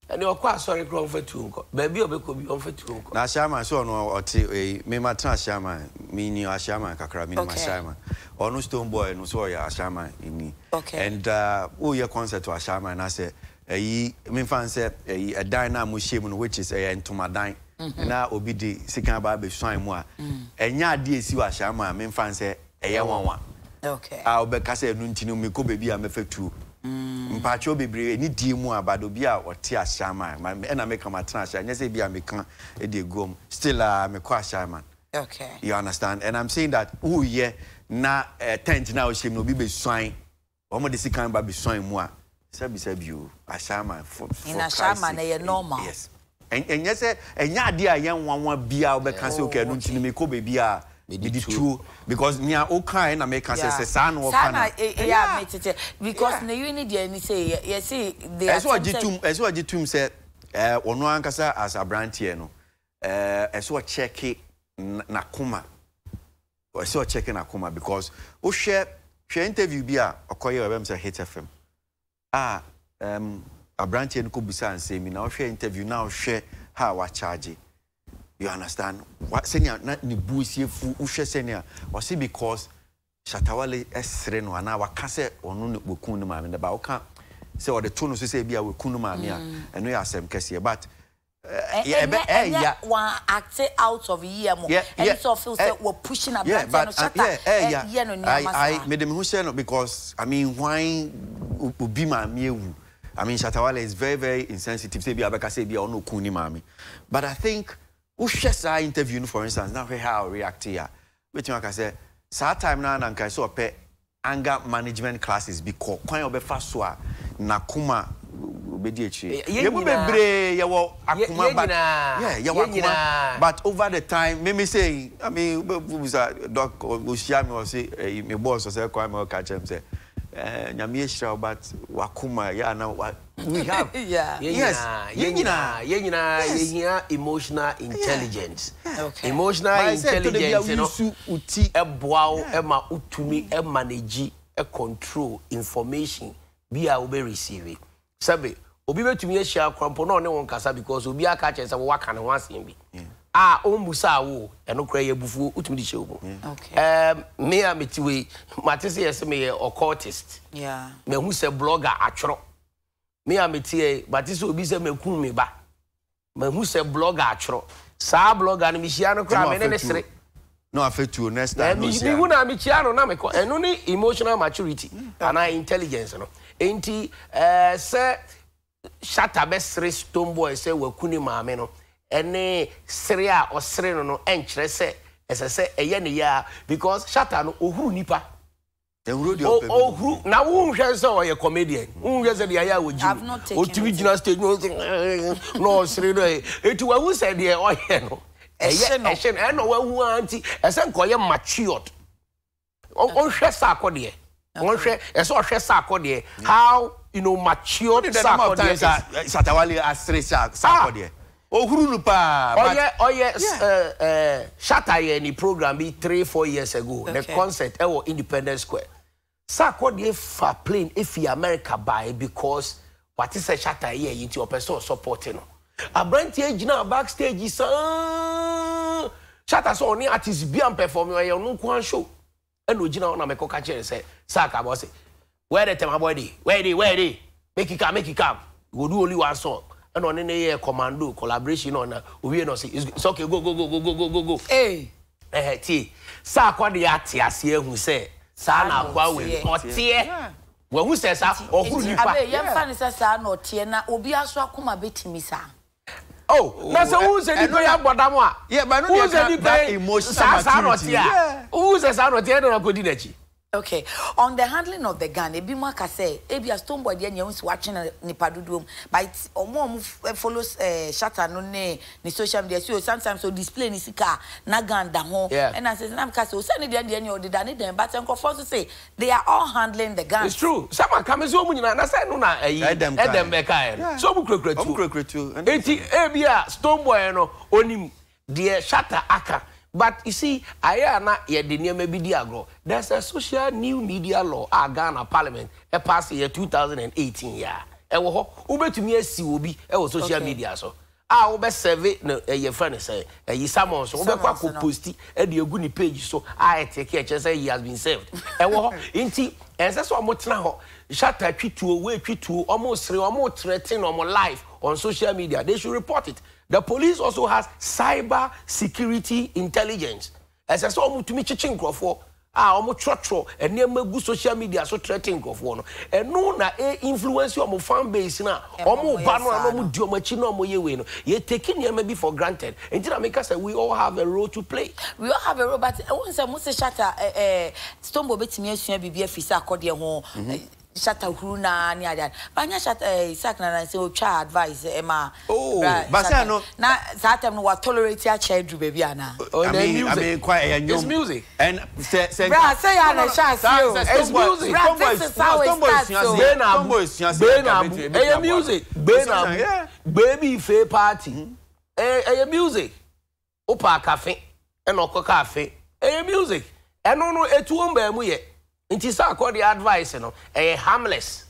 ɛne ɔkɔ asɔre kora ɔmfa tuo nkɔ baabi a ɔbɛkɔ bi ɔmfa tuo nkɔ na ahyiaman sɛ ɔno ɔte eh, mema tena ahyiaman meni ahyiaman kakra menim okay. ahyiaman ɔno stone boy no sɛ ɔyɛ ahyiaman ni okay. and uh, woyɛ concert ahyiaman na sɛ ɛyi eh, memfa sɛ ɛyi eh, ɛdan no a mohyia mu no which is ɛyɛ eh, ntomadan mm -hmm. na obi de sika baa bɛsuan mu a ɛnyɛ mm. adeɛ ɛsi wɔ ahyiaman memfa sɛ ɛyɛ oh. nwanwa a wobɛka sɛ ɛno nti no mekɔ baabi a mɛfa tuo mpakyɛw bebree ɛni dii mu abado bi a ɔte ahyɛnman ɛna meka ma tena nyɛ sɛ bi a meka ɛde egu still a ah, mekɔ ahyɛnman. okay you understand and i'm saying that wo yɛ na eh, tent na ɔhyɛ mu na obi bɛ wɔn de sika ba bɛ mu a sɛbisɛbi o ahyɛnman for for christ sake ahyɛnman na yɛ normal yes ɛnyɛ sɛ ɛnyɛ adeɛ a yɛn nwanwa bi a ɔbɛka sɛ oh, okɛ no ntini mi beebi a mede tuo because oh, nea wokae eh, na meka sɛ sɛ saa na wɔka nosaa metete because na yi ni deɛ ni sɛ yɛse ɛsɛ wagye tom sɛ ɔno ankasa as aberanteɛ no ɛsɛ ɔkyɛke nakoma ɛsɛ ɔkyɛke nakoma because wohwɛ hwɛ interview bi a ɔkɔyɛ wɔbɛm sɛ hit fm a ah, aberanteɛ no kɔbisa nsɛm mi na wohwɛ interview na wohwɛ ha wakyagye You understand? What senior not nibuisie fu ushe senior. Was it because Shatawale esre no ana wakase onu ne wekun no maame ba oka say or the tone so say bia wekun no maame a eno mm. eh, eh, ya asem kese but ebe eh ya out of year mo and so feel say we pushing up that no uh, shut up yeah yeah no I I made me who because I mean why obi maame ewu I mean Shatawale is very very insensitive say bia abeka say bia onu kun ni maame but I think wohwɛ saa interview for instance na hwɛ how react a wobɛtumi aka sɛ saa time no na nkae sɛ ɔpɛ anger management classes bi kɔ kwan a wɔbɛfa so a nakoma obedi akyire yɛmu bebree yɛwɔ akoma but yeah yɛwɔ akoma but over the time me me say. i mean wobusa doc ohyia mi wɔ se me bɔɔl sɔ sɛ kwan mi wɔ ka Eh, nyame ahyira wo but wakoma yɛ ana we have yeah. yes yɛn nyinaa yɛn nyinaa yɛhia emotional intelligence yeah. okay. emotional but intelligence no ɛboa wo ɛma wotumi ɛmanage ɛcontrol information bi a wobɛ receive sɛbe obi bɛtumi ahyia kwampɔ na ɔne wo nkasa because obi aka kyerɛ sɛ wowaka ne ho asɛm bi a wọn busa awo ɛno kura yɛ bufuo wotumi de hyɛ o mu ɛɛ me a wei ma te se yɛ se me sɛ blogger atwerɛ me a me ti yɛ ma te obi sɛ mɛ me ba mɛ sɛ blogger atwerɛ saa blogger no me hyia no kura me ne ne sere no afetuo next time no sia mihu na me kyia no na me kɔ ɛno ne emotional maturity mm. anaa intelligence no nti ɛɛ sɛ shata bɛ sere stone boy sɛ waku maame no. ɛne sere a ɔsere no no ɛnkyerɛ sɛ ɛsɛ sɛ ɛyɛ ne shata no ohuru nipa ohuru na wohwɛ sɛ ɔyɛ comedian wohwɛ sɛ deɛ ayɛ wɔgyi ɔtumi gyina stage no na ɔsere no ɛti wahu sɛ deɛ ɔyɛ no ɛyɛ ɛhyɛ no ɛna wahu a nti ɛsɛ nka ɔyɛ matured ɔnhwɛ saakɔ deɛ ɔnhwɛ ɛsɛ ɔhwɛ ohuru no paa. ɔyɛ ɔyɛ ɛɛ shata yɛ ni program bi three four years ago okay. the concert ɛwɔ independence square saako deɛ fa plane efi america by because wate sɛ shata yɛ yi ti ɔpɛ sɛ ɔsɔpɔte no aberanteɛ gyina backstage saa shata sɛ ɔne artist bi a mpɛfɔm ɔyɛ ɔno nko ahyɛw ɛna ogyina hɔ na mɛkɔ kakyɛ sɛ saako abɔ sɛ wɛɛde tɛm abɔ de wɛɛde wɛɛde make it come make it come you go do only one song ɛna ɔne ne yɛ commando collaboration na ɔna owie na ɔsi it's okay go go go go go go go go. ɛɛ tie saa akɔde yɛ ate aseɛ ehu sɛ saa na akɔ awɛ ɔteɛ wɔn ehu sɛ saa ɔhuru nipa. abe yɛn fa ne sɛ saa na ɔteɛ na obi aso akoma betumi saa. Oh, na sɛ wohu sɛ nipa yɛ abɔ dam a wohu sɛ nipa yɛ saa saa na a wohu sɛ saa na ɔteɛ na ɔkɔdi n'akyi. Okay. On the handling of the gun, ebi mu aka sɛ ebi a stone boy deɛ nea nsi watwe na nipa dodoɔ mu but ɔmo a ɔmo eh, follow ɛɛ eh, shatter no ne ne social media so sometimes o display ne sika na gun da ho ɛna sɛ sinam ka sɛ osan ne deɛ deɛ nea ɔdeda ne dɛm but nkɔfɔ so say they are all handling the gun. it's true sábà kàmi sí ɔmu nyinaa anasa ɛnu na ɛyi ɛdɛm bɛ ka yɛ so ɔmu kurekure tuo ɔmu kurekure tuo eti ebi a stone boy no onim deɛ shatter aka but you see ayé àná yɛde nneɛma bi di agorɔ there is a social new media law a ghana parliament ɛpaase yɛ two thousand and eighteen yɛ a ɛwɔ hɔ wobɛtumi asi obi ɛwɔ social okay. media so a wobɛ sɛve na ɛyɛ fɛ ne sɛ ɛyi salmon so wobɛkɔ akɔ posti ɛde egu ne page so a ɛte kɛ ɛkyɛ sɛ he has been served ɛwɔ hɔ nti ɛnsɛ sɛ ɔmo tena hɔ shata twituo wei twituo ɔmo sere ɔmo trɛten ɔmo live on social media they should report it the police also has cyber security intelligence As I ɛsɛ sɛ ɔmo tumi kyekye I'm a ɔmo and nneɛma gu social media so trɛte nkurɔfoɔ no ɛno na e influence your fan base now. a ɔmo ba no a na ɔmo di ɔmo akyi na ɔmo yɛ wei no yɛteki nneɛma bi for granted nti na meka we all have a role to play. we all have a role but I ɛwɔ nsɛm mo se shata ɛɛ stombo betumi esua biribi afiri sɛ akɔdeɛ ho. Mhm shata huru na ni adan banya shata eh sak na na say o oh, twa advice e ma oh but say no na that time no wa tolerate a chair do baby ana oh na music i mean quite a eh, nyom it's music and say say bra say ya na sha say o it's music bra this is how it starts so be na boy sia be na eh music be na baby fe party eh eh music opa cafe e no ko cafe eh music eno no etuo mba mu ye nti sɛ akɔde advice no ɛyɛ harmless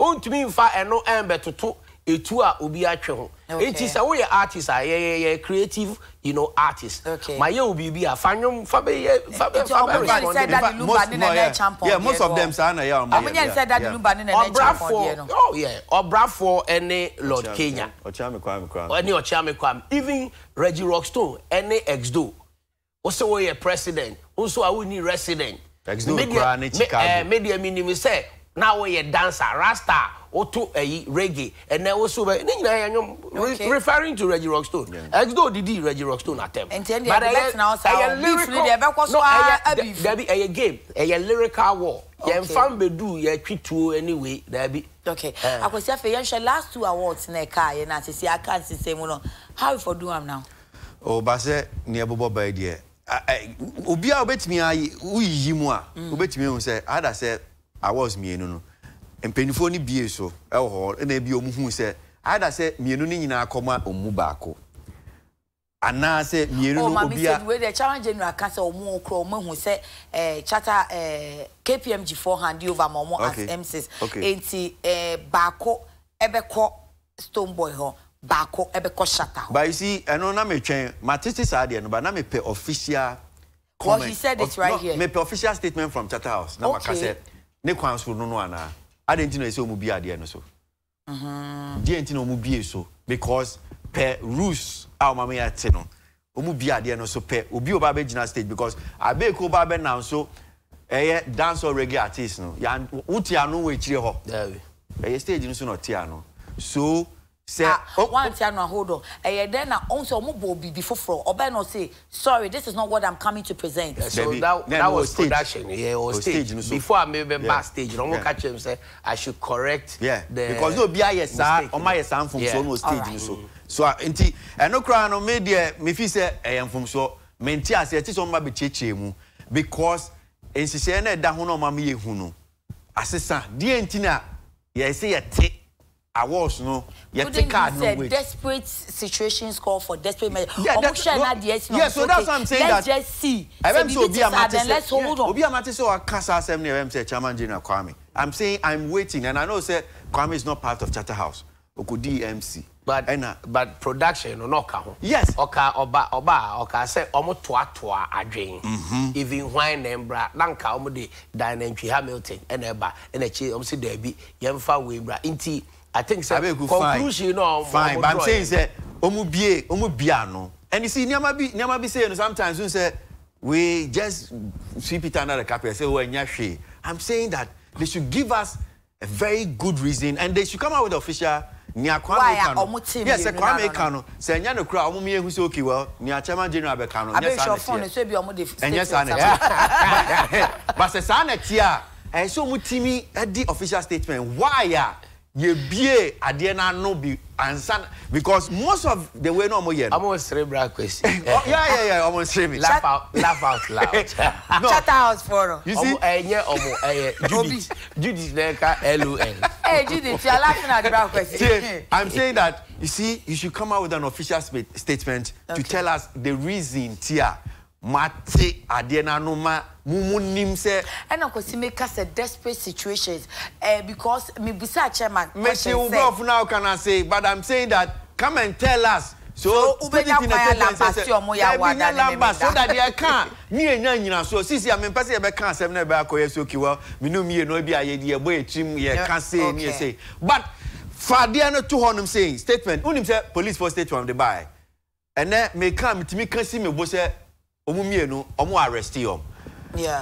wontumi mfa ɛno ɛmbɛtoto etu a obi atwe ho eti sɛ woyɛ artist a yɛ yɛ creative you know artist ma yɛ o biribi a fa nyom fa bɛ yɛ fa bɛ fa bɛ respond de fa most more yeah most of them saa na yɛ ɔmo yɛ yeah yeah champion. oh yeah ɔbrafo ɛne lord kenya ɔkyeame kwame kwame ɛne ɔkyeame kwam. even reggie rockstone ɛne exdo wosɛ woyɛ president nso a ni resident. Eh, media mi sɛ na woyɛ dancer rasta woto ayi reggae ɛnɛ wo so bɛ ne nyinaa yɛ referring to Reggie Rockstone exdo didi Reggie Rockstone atɛm but ɛyɛ ɛyɛ lyrical no ɛyɛ dabi ɛyɛ game ɛyɛ lyrical war yɛn fan bɛ du yɛ twi tuo anyway dabi. okay eh. akwasi afei yɛn hwɛ last two awards na ɛka yɛ na asese aka asese mu no how you for do am now. o oh, ba sɛ ni ɛbobɔ bɛɛ deɛ. obi a wobɛtumi ayi woyiyi mu a wobɛtumi mm. ehu sɛ ada sɛ awards mmienu no mpanyinfoɔ ni bie so ɛwɔ hɔ ɛna ebi ɔmo hu sɛ ada sɛ mmienu no nyinaa kɔma ɔmo baako anaasɛ mmienu no oh, obi a. ɔmaa mi sɛ duwe deɛ chairman general ka sɛ ɔmo okura ɔmo ehu sɛ ɛɛ eh, chata ɛɛ eh, kpmg four hand over ma ɔmo as m nti ɛɛ eh, baako ɛbɛkɔ stone boy hɔ. baako ɛbɛkɔ shata hɔ. báyìí sí ɛnu na mi twɛn ma tete saa deɛ no na mi pɛ official comment well he said it right no, here mi pɛ official statement from charter house na okay. wakasɛ ne kwan so no no ana adi nti na esi omu bie adeɛ no so mhm. diɛ nti na omu bie so because pɛ rules a ɔmo ama yɛ te no omu bie adeɛ no so pɛ obi oba bɛ gyina stage because abeeko oba bɛ nam so ɛyɛ e, dance or reggae artist no yan wotia no wɔ akyire hɔ ɛyɛ stage no so na ɔtia no so sɛ ah, wanti ano hold on ɛyɛ dɛ na ɔn sɛ ɔmo bɔ bibi foforɔ ɔbɛn na ɔsɛ sorry this is not what i'm coming to present. Yeah, so that, that was stage. production yeah, or oh, stage, before i may be back stage ɔmo yeah. catch him say i should correct. Yeah. the because obi ayɛ saa ɔmo ayɛ saa nfunso no stage right. so so nti ɛno koraa no mi deɛ mi fi sɛ ɛyɛ nfunso mi nti ase ɛti sɛ ɔmo ma bi kyekyere mu because nhyehyɛ na ɛda ho na ɔmo ama mi yɛ hu no asesa deɛ nti na yɛsɛ yɛ te awards no yɛte card no wait. desperate situations call for desperate measures. Yeah, ṣe na di ẹsìn ọmọ yeah so that's why i'm saying that let's just see. ẹbẹ mi sọ obi amate sẹ obi amate sẹ ọkasa asẹm ni ẹbẹ mi sẹ chairman general kwame i'm saying i'm waiting and i know say kwame is not part of House. Oku DMC. but ɛna uh, but production no n'ɔka ho. yes ɔka ɔba ɔba ɔka sɛ ɔmo toatoa adwen. Mm-hmm. even hwan na mbra nanka ɔmo de dan nantwi hamilton ɛna ɛba ɛna akyi ɔmo si daabi yɛn fa wei bra nti. I think sɛ so. conclusion na ɔmo fine but I'm saying that ɔmo bie ɔmo bia and you see nneɛma bi nneɛma bi say no sometimes n say we just sweep it under the carpet say well oh, nya hwee I'm saying that they should give us a very good reason and they should come out with official nea kwame ka no yes sɛ kwame say no sɛ ɛnyɛ no kora ɔmo mi ehu sɛ oke wɔ nea chairman general bɛka no ɛnyɛ saa na tiɛ ɛnyɛ saa na tiɛ basɛ saa na tiɛ a ɛyɛ sɛ ɔmo timi ɛdi official statement why a. Ah? yɛbie adeɛ no ano bi ansa because most of the way no ɔmo yɛ no. ɔmo nsere bra kwesi. yɛ yɛ yɛ ɔmo nsere mi. laugh out laugh out loud. no chat house for you see ɔmo eh, ɛyɛ ɔmo ɛyɛ eh, eh, judith judith na ɛka lon. hey judith you are laughing at bra kwesi. see i'm saying that you see you should come out with an official statement okay. to tell us the reason tia mate adeɛ n'ano ma mu mu nim sɛ. ɛna kò si meka sɛ desperate situations ɛɛ uh, eh, because mi busa chairman. mesi ubrɔfu na ɔkan na say but i'm saying that come and tell us. so ubenya kwaya lamba si ɔmo ya wa da ne mɛmɛ da so that deɛ kan mi yɛ nya nyina so sisi a mi mpɛ sɛ yɛ bɛ kan asɛm na yɛ bɛ akɔ yɛ so kiwa mi nu mi yɛ no bi a di yɛ bɔ ekyi mu yɛ kan se ni yɛ se but fadeɛ no to hɔ nom say statement unim sɛ police force statement from the by ɛnɛ meka mitimi kan si mi bo sɛ ɔmo mmienu ɔmo arresti ɔm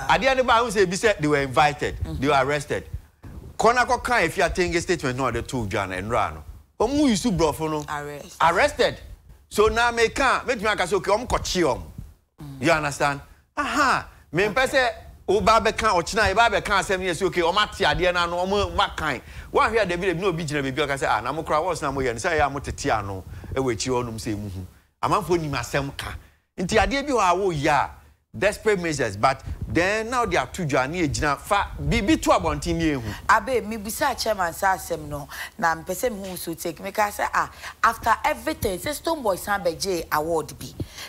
adeɛ ne ba ahun sɛ ebi sɛ they were invited mm -hmm. they were arrested kɔnna kɔka efi atenge statement na ɔde to dwa na nnura no ɔmo yusu borɔfo no arrested so na meka metumi aka sɛ oke ɔmo kɔkye ɔm mm. you understand aha mempɛ sɛ woba bɛka ɔkyena yɛba bɛka asɛm yɛ sɛ oke ɔmo ate adeɛ no ano ɔmo ma kan wahwɛ a dabi dabi na obi gyina baabi ɔka sɛ ah na mo kora wɔs na mo yɛ no sɛ ɛyɛ a mo tete ano ɛwɔ akyire hɔ nom sɛ emu ho amanfoɔ nim asɛm ka nti adeɛ bi wɔ a wɔyɛ a desperate measures but then now they are two journey egyina fa biribi to abɔnten ni ehu. abe mi bisa chairman sa asɛm no na mpɛsɛ mi hu so take mi ka sɛ ah after everything say stone boy san bɛ gye award bi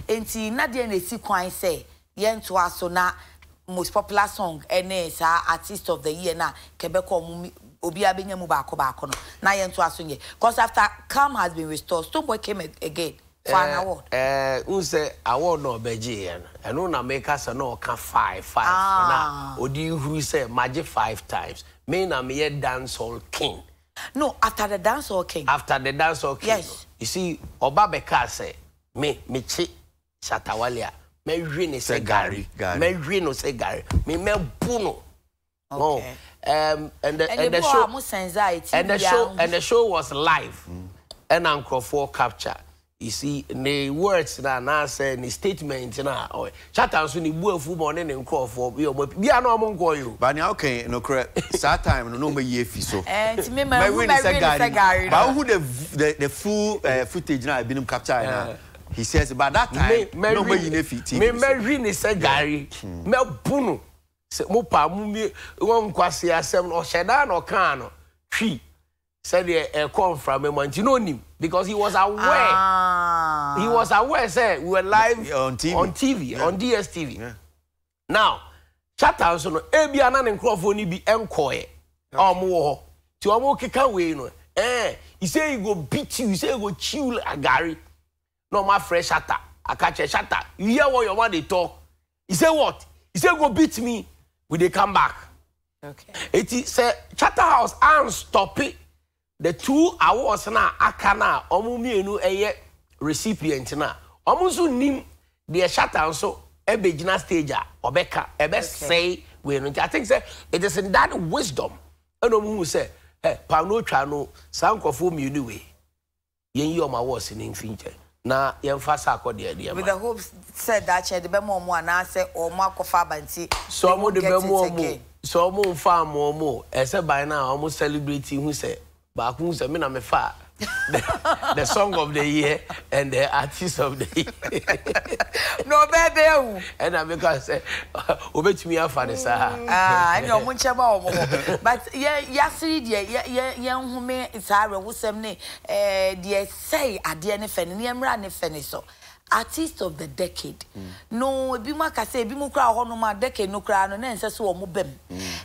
nti nadeɛ na esi kwan sɛ yɛn to aso na most popular song ɛne saa artist of the year na kɛbɛkɔ ɔmo obi abɛnya mu baako baako no na yɛn to aso nyɛ cause after calm has been restored stone boy came again fan eh, award. ɛɛ eh, award na ɔbɛgye yɛ no ɛno na meka sɛ na ɔka five five na ah. odi huru sɛ magye five times me na meyɛ dancehall king. no after the dancehall king. after the dancehall king. yes no, you see ɔba bɛka sɛ me mekye shatawale a mɛhwe ne sɛ gari mɛhwe no sɛ gari me mɛbu no. okay. and the, show was live. Mm. And Uncle Four capture you see ne words na anaasɛ ne statement na ɔyɛ chata nso ne bu afu ma ɔne ne nkurɔfoɔ bi ɔmo bi a na ɔmo nkɔ you. o. bani okay, no nokorɛ saa time no eh, na ɔmo yi efi so. ɛɛ ti mi ma ewu ma ewu ni sɛ gaari the the the full uh, eh, footage na ebinom capture yɛn na eh. he says by that time na ɔmo yi ne fi tv so. mi ma ewu ni sɛ gaari ma hmm. bu no sɛ mo pa mu mi wɔn nkwasi asɛm na ɔhyɛ dan na ɔkan no hwi sɛdeɛ ɛkɔ nframɛ mɔ nti na onim because he was aware. Ah. He was aware, sir. We were live yeah, on TV, on TV, yeah. on DSTV. Yeah. Now, chat out so no. Ebi anan enkrofo ni bi enkoye. Ọmọ wọ họ. Ti ọmọ keka wei no. Eh, he say he go beat you. He say he go chew agari. No ma fresh catch a shatter. You hear what your man dey talk. He say what? He say go beat me. Will they come back. Okay. It is say Charterhouse and stop it. the two awards na aka na ọmụ mmienu ɛyɛ recipient na ọmụ nso nim deɛ shata nso ɛbɛgyina stage a ɔbɛka ɛbɛsɛe wei no nti i think sɛ it is in that wisdom ɛna ɔmụ hu sɛ ɛ paano twa no saa nkurɔfoɔ mmienu wee yɛn yi ɔmụ awards ne mfi nkyɛn na yɛmfa sa akɔ deɛ deɛ ma. with the hope sɛ dakyɛ de bɛ mu ɔmụ anaasɛ ɔmụ akɔfa abanti. sɛ ɔmụ de bɛ mu ɔmụ sɛ ɔmụ nfa ama ɔmụ ɛsɛ ban na ɔmụ celebrate ihu sɛ. baako sɛ me na mefa the, the song of the year and the artist of the year. na ọbẹ bẹ ewu. ẹna mi ka sẹ obetumi afa ni sa. ẹni ọmọ nkyɛn bá ọmọ wọ but yasiri deɛ yɛn nhome saa awɛwosɛm ne eh, deɛ sɛi adeɛ ne fɛ ne nneɛma ne fɛ ne so artist of the decade no ebi mu aka sɛ ebi mu koraa hɔ nom a decade no koraa no na nsɛ sɛ wɔn bɛm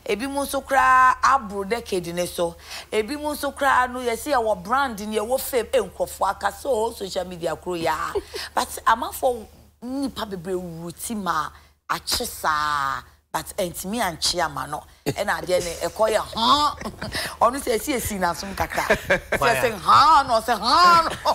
ebi mu nso koraa aboro decade ne so ebi mu nso koraa no yɛsi yɛwɔ brand ne yɛwɔ fame e, nkɔfo aka sɛ social media koro ya. but amanfoɔ ni bebree wuru ti ma akye but ntumi ankye ama no ɛna adeɛ e no ɛkɔ yɛ hɔn ɔno sɛ esi esi n'asom kakra sɛ sɛ hɔn no sɛ hɔn no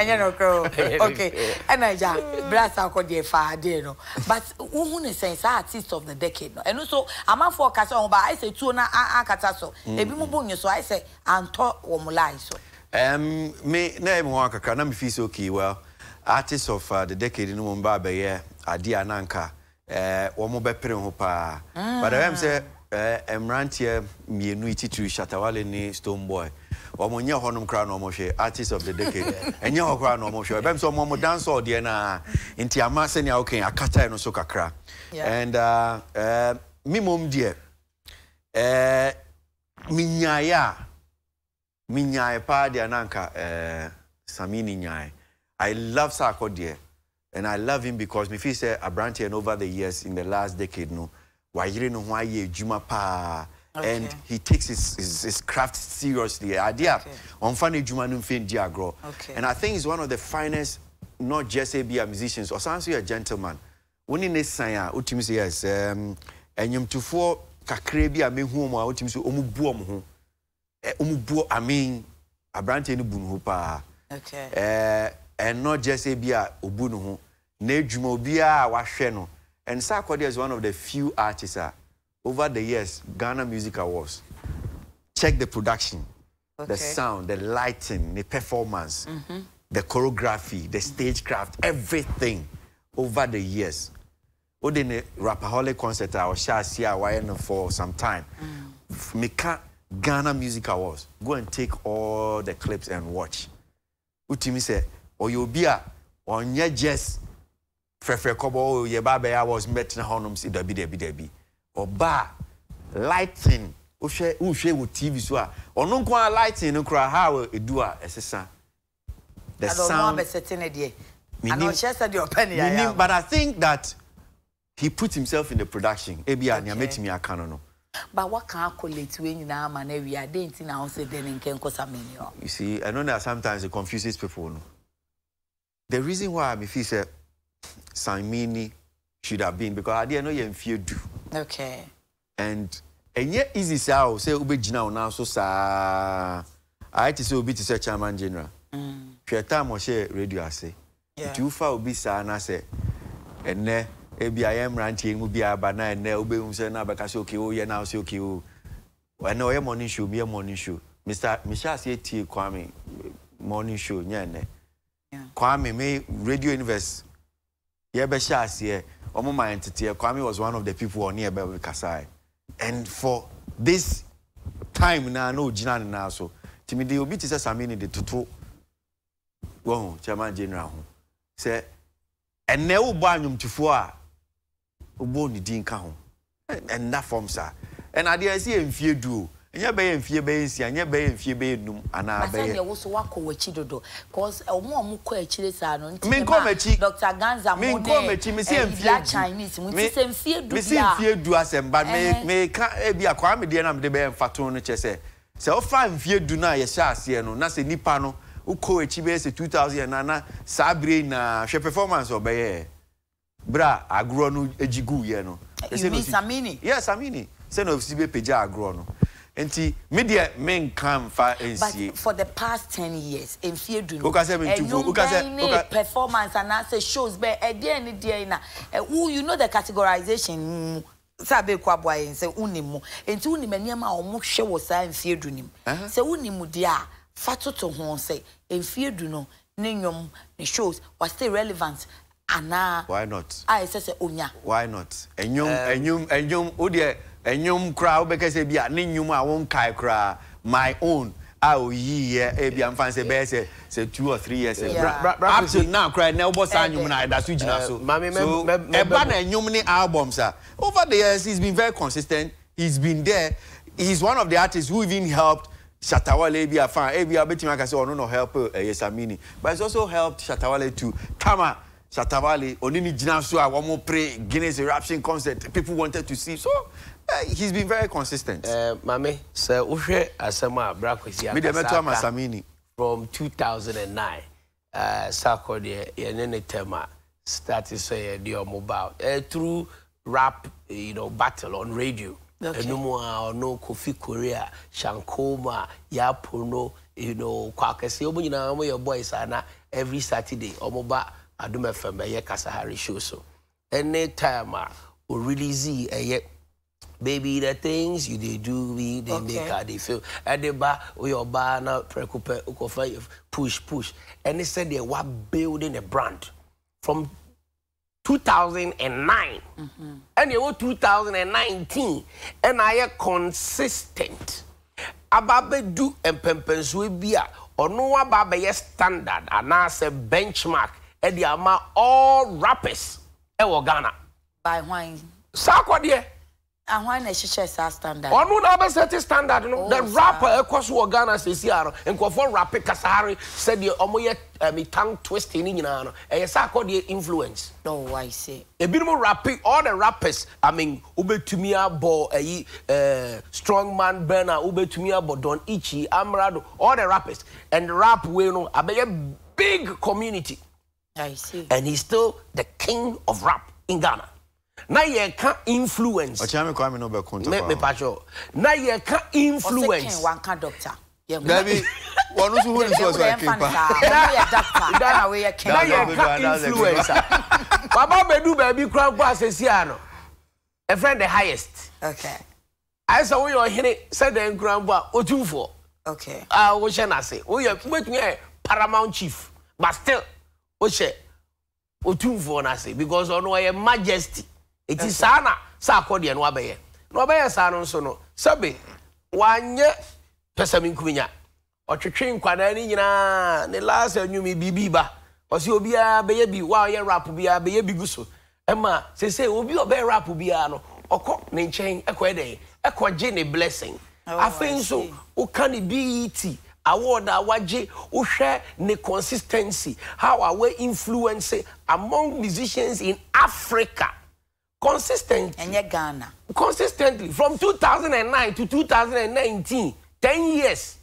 ɛnyɛ no koro okay ɛna gya brass akɔ deɛ fa adeɛ no but wohu ne sɛn saa artist of the decade no ɛno so amanfoɔ kasa wɔn ba ayɛ sɛ tuo na akata so mm. ebi mu bu nyo so ayɛ sɛ antɔ wɔn line so. ɛm me na ɛmu hɔn kakra na mi fi so kii well artist of uh, the decade no wɔn ba abɛyɛ adi ananka. Eh, wɔn bɛpere ho paa ah. but ɛyɛ sɛ eh, mmeranteɛ mmienu yi titiri shatawale ne stone boy wɔn nyɛ hɔnom koraa na wɔhwɛ artist of the decade ɛnyɛ hɔ koraa na wɔhwɛ ɛbɛn sɛ wɔn mo deɛ na nti ama sɛnea ɔkɛn akata no so kakra and uh, eh, mimom deɛ ɛɛ minyaeɛ a minyaeɛ paa deɛ nanka ɛɛ samini nyaeɛ i love saakɔ deɛ. And I love him because me feel say Abrante and over the years in the last decade no, wayire no ho why adwuma pa and he takes his, his, his craft seriously. Idea on fan adwuma no mfin di agro. And I think he's one of the finest not just ABA musicians or sounds a gentleman. When in this sign a wotimi say yes um enyimtufoɔ kakra bi a mehu mu a wotimi so omu bu eh, omu, ho. bu I mean Abrante no bu Okay. Uh, ɛnɔ gye sɛ bi a ɔbu ne ho na edwuma obiara a wahwɛ no and Sarkodie is one of the few artists a over the years Ghana Music Awards check the production okay. the sound the lighting the performance mm -hmm. the choreography the stagecraft everything over the years wode ne rapaholic concert a ɔhyɛ ase a wayɛ no for some time mm. Ghana Music Awards go and take all the clips and watch wotumi sɛ ɔyɛ obi a ɔnyɛ just fɛfɛ kɔbɔ o ba bɛyɛ awɔ mbɛtena hɔnom si dabi dabi dabi ɔbaa lighting wohwɛ wohwɛ wɔ tv so a ɔno nko a lighting no kora ha a edu a ɛsesa the sound minim but i think that he put himself in the production ebi a nea metumi aka no no. But what can collate when you know man every day? Didn't now say then in Kenko Samino. You see, I know that sometimes it confuses people. No? the reason why me feel say Simini should have been because I didn't know you fear do. Okay. And and yet easy say I say ube jina ona so sa I to say obi to say chairman general. Mm. Pure time radio I say. Yeah. Do fa obi sa na say and ne ebi I am ranting mu bi aba na and ne obi um say na baka say okay oh now say okay oh. When morning show me morning show. Mr. Michelle say tie Kwame morning show nya ne. Kwame May Radio Universe. Yebe Shasie, Omo my entity. Kwame was one of the people on here Bebe Kasai. And for this time na no Jina na so. Timi de obi ti se Samini de tutu. Wo chairman general ho. E, say ɛnɛ wobɔ anwomtifoɔ a wobɔ ne din ka ho ɛnna fam saa ɛna adeɛ ɛsɛ yɛ mfie duo nyɛ bɛyɛ mfie bɛyɛ nsia nyɛ bɛyɛ mfie bɛyɛ num anaa bɛyɛ. asan yɛ woso wakɔ w'akyi dodo cause eh, ɔmo ɔmo kɔ akyire saa no. mi nkɔ m'akyi dr ganza mo ne ɛɛ eh, black chinese mo ti sɛ mfie du bia. mi si mfie du asɛmba mi mi ka ebi akɔ ami deɛ na mi de bɛyɛ nfa tun no kyɛ sɛ sɛ ɔfa mfie du na yɛhyɛ aseɛ no na sɛ nipa no wokɔ akyi bɛyɛ sɛ two thousand and nana saa bere na hwɛ performance ɔbɛyɛ bra agorɔ no egyi gu yɛ no. samini. yes samini sɛ na ofisi bɛ pagya agorɔ no nti mi mi nka nfa nsie. but for the past ten years nfie dunu. o ka sɛ mi n tufu o ka sɛ o ka ɛnum bɛn ne performance anaasɛ shows bɛn ɛdeɛ ni deɛ na ɛwu you know the categorization mu sɛ abɛ kɔ aboa yɛn sɛ wunim mu nti wunim nneɛma a wɔn hwɛ wɔ saa nfie dunu mu sɛ wunim deɛ a fa toto ho sɛ nfie dunu ne nnwom ne shows wa stay relevant anaa. why not. a yɛ sɛ sɛ onya. why not. ɛnyom ɛnyom ɛnyom o deɛ enyom koraa wobɛka sɛ bi a ne nnwom a wonkae koraa my own a oyiiɛ ebi a mfa sɛ bɛyɛ sɛ sɛ two or three years ɛbra up now koraa na wobɔ saa eh, nnwom no eh, a ɛda so gyina eh, so so ɛba na nnwom ne albums a over the years he's been very consistent he's been there he's one of the artists who even helped Shatawale be a fan. Ebi abetimi aka say ono no help Yesamini. But it's also helped Shatawale too. Tama Shatawale oni ni gyina so a wɔn pre Guinness eruption concert people wanted to see. So he's been very consistent. Uh, Mami, sir, Ushe Asama Brakwesi Akasaaka from 2009. Uh, eh, Sako de Yenene Tema started say the mobile uh, through rap, you know, battle on radio. Okay. Enumwa no Kofi Korea, Shankoma, Yapono, you know, Kwakese. Omo nyina omo your boys ana every Saturday omo ba Adum FM be ye Kasahari show so. Any time o release e baby the things you dey do we dey okay. make her dey feel ɛde ba oyɛ ɔbaa na prɛko pɛ okɔfa push push ɛne sɛdeɛ wa building a brand from 2009 ɛna ɛwɔ 2019 ɛna ayɛ consistent aba abɛdu mpɛmpɛnsoɔ bi a ɔno aba abɛyɛ standard anaasɛ benchmark ɛde ama all rappers ɛwɔ ghana. by hwan. saa akɔdeɛ ahwan na ɛhyehyɛ saa standard. On what abɛsɛ ti standard no oh, the rapper ɛkɔ so wɔ ghana sɛsi ara nkɔfoɔ rappe said the ɔmo yɛ um, tongue-twisting, twist ne And yes, I call the influence. no i see. more rappe all the rappers i mean wobɛtumi abɔ ɛyi ɛɛ eh, strong man burner wobɛtumi abɔ don ichi amrado all the rappers and rap you know, a big community. i see. and he's still the king of rap in ghana na yɛ ka influence. ɔkyɛn mi kɔ ami na ɔbɛ kun tɔpɔ ahɔ mipatɔ na yɛ ka influence. ɔsɛ kɛn wanka dɔkta. dabi wọn nso wọn nso ọsọ akin pa. na yɛ dɔkta na yɛ kɛn. na yɛ ka influencer baba bedu baabi kura kó asesi ano a friend the highest. okay. ayé sɛ woyɛ ɔhene sɛdeɛ nkura mbɔ a otumfoɔ. okay. a wohyɛ n'ase woyɛ wobɛtumi yɛ paramount chief but still wohyɛ otumfoɔ n'ase because ɔno ɔyɛ majesty nti saa na saa akɔdeɛ no abɛyɛ na ɔbɛyɛ saa no nso no sɛbe wanyɛ pɛsɛminkuminya ɔtwetwe nkwadaa no nyinaa ne last anwumi biribi ba ɔsɛ obiara bɛyɛ bi wa ɔyɛ rap biara bɛyɛ bi gu so ɛma sese obi ɔbɛyɛ rap biara no ɔkɔ ne nkyɛn ɛkɔ ɛdɛ ɛkɔgye ne blessing oh, afei nso woka ne bet award a wagye wohwɛ ne consistency how a wa influence among musicians in africa Consistently, Ghana. consistently from 2009 to 2019, thousand ten years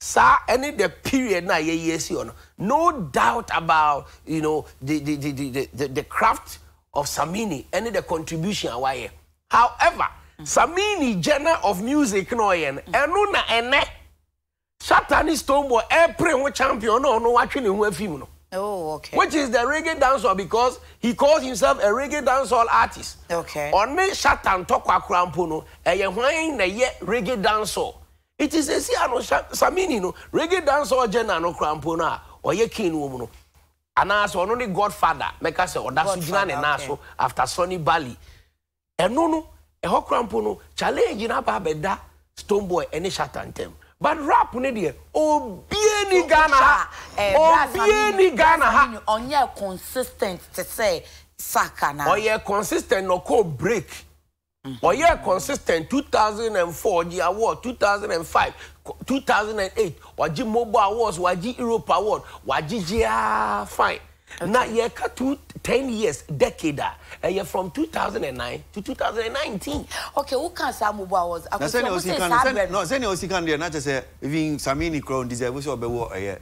Sir, any the period na yɛyi esi hɔ no doubt about you know the the the the the, the craft of Samini Any the contribution a wayɛ however mm -hmm. Samini genre of music no yen. no na ene. Shatta ne every champion na ɔno watwe ne no. Oh, okay. Which is the reggae dancer because he calls himself a reggae dancehall artist. Okay. Ọ̀nẹ́ ṣàtàntọ́kọ̀ akurampo no ẹ̀yẹ̀ hwan na yẹ reggae dancer. It is esi ano Samini no reggae dancer jẹ́ n'ano kurampo no a ɔyɛ king wɔ mu no. Anaasɛ ɔno godfather mɛka sɛ ɔda so gyina ne nan after Sonny Bali. Ɛno no ɛhɔ kurampo no challenge na stone boy Stonebwoy ɛne ṣàtàntɛm. But rap ne oh obie eh, ni ghana ha obie ni ghana ha ɔnyɛ consistent te sɛ saka na ɔyɛ consistent na ɔkɔ break ɔyɛ consistent two thousand and four ɔgye award two thousand and five two thousand and eight ɔgye mobile awards wagye europe award wagye gyaa fine na ka two ten years decade a ɛyɛ from two thousand and nine to two thousand and nineteen. okay wo kan saa mubu awɔ akutu ɔmu sɛ saa bɛ no sɛnea osi kan deɛ n'akyɛ sɛ even samini kura on deserve sɛ ɔbɛwɔ ɛyɛ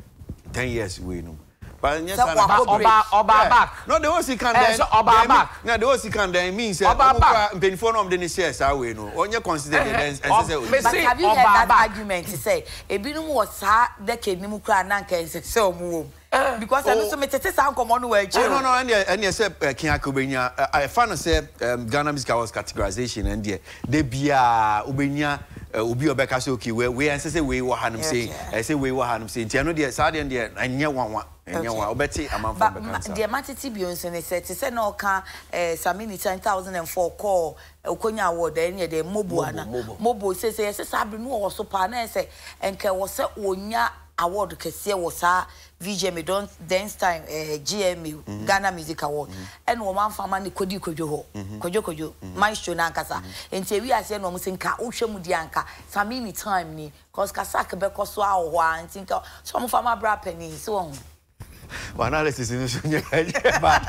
ten years wei no. sɛ wakɔ ɔba ɔba back. no de osi kan dɛn ɛsɛ ɔba back. na de osi kan dɛn mean sɛ ɔmu kura mpanyinfoɔ naa ɔmu de ne share saa wei no ɔnyɛ consider eh, de dɛn ɛsɛ sɛ osi. but have you heard that argument sɛ ebinom wɔ saa decade nimu kura ananka ɛsɛ sɛ ɔmu wɔm. Eh, because ẹnu sọ mi tètè sá nkọmọ No, no. ẹkyẹ o. ẹnu ẹni ẹni ẹsẹ ẹkin I ẹfa I sẹ ghana music awards categorization And ẹni deɛ de bia ọbẹnya eh, obi ɔbɛka sɛ okay wei wei ɛnsɛ sɛ wei wɔ hanom sei I eh, wei wɔ hanom sei nti ɛno deɛ saa deɛ deɛ ɛnyɛ wanwa ɛnyɛ wanwa wobɛte amanfoɔ bɛka saa deɛ matete bio nso ne sɛ te sɛ na ɔka samini 2004 kɔɔ okonya award ɛne deɛ mobo ana mobo sɛ sɛ yɛsɛ saa bere no wɔwɔ so paa na ɛsɛ ɛnkɛ wɔ sɛ ɔnya award kɛseɛ wɔ saa vgma e don dance time eh, gma mm e, mhm. -hmm. ghana music award mhm. ɛna wɔn amfama ne kodi kodwo hɔ mhm. kodwo kodwo maestro n'ankasa nti ewi aseɛ na wɔn sɛ nka wohwɛ mu di anka samini time ni cause kasak bɛkɔ so awɔ hɔ a nti nka so wɔn fama abira panyin si wɔn ho. wɔn analysis ni so nyɛ bad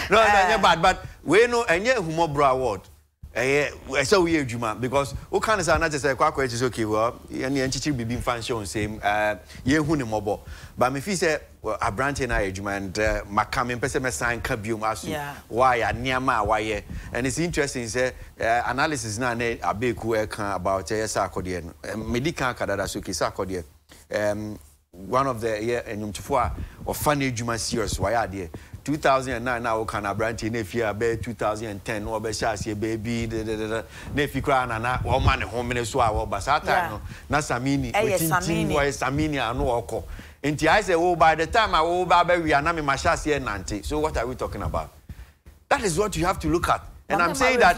no no nyɛ eh. bad but wei no ɛnyɛ ehumɔ award ɛyɛ ɛsɛ eh, woyɛ adwuma because woka ne sa na kye sɛ ɛkɔ akɔ akyi sɛ okay wɔ ɛne ɛnkyekyere biribi mfa nhyɛ wo nsɛm yɛhu ne mmɔbɔ but mefii sɛ aberanteɛ no ayɛ adwuma and maka mempɛ sɛ mɛsan ka biom aso wayɛ nneɛma a wayɛ and it's interesting sɛ analysis no a ne abeeku ɛka about ɛyɛ sɛ akɔdeɛ no medi ka akadada so okay sɛ akɔdeɛ um, one of the ɛyɛ nnwomtofoɔ a ɔfa ne adwuma serious wayɛ adeɛ ah, 2009 na woka na aberanteɛ na efie a bɛyɛ 2010 na ɔbɛhyɛ aseɛ baabi dededede na efi koraa na na wɔma ne homene so a wɔba saa time no na samini otintin wɔyɛ samini ano ɔkɔ nti ayɛ sɛ wo by the time a wo oh, ba abɛwia na mema hyɛ aseɛ nante so what are we talking about that is what you have to look at and i'm saying that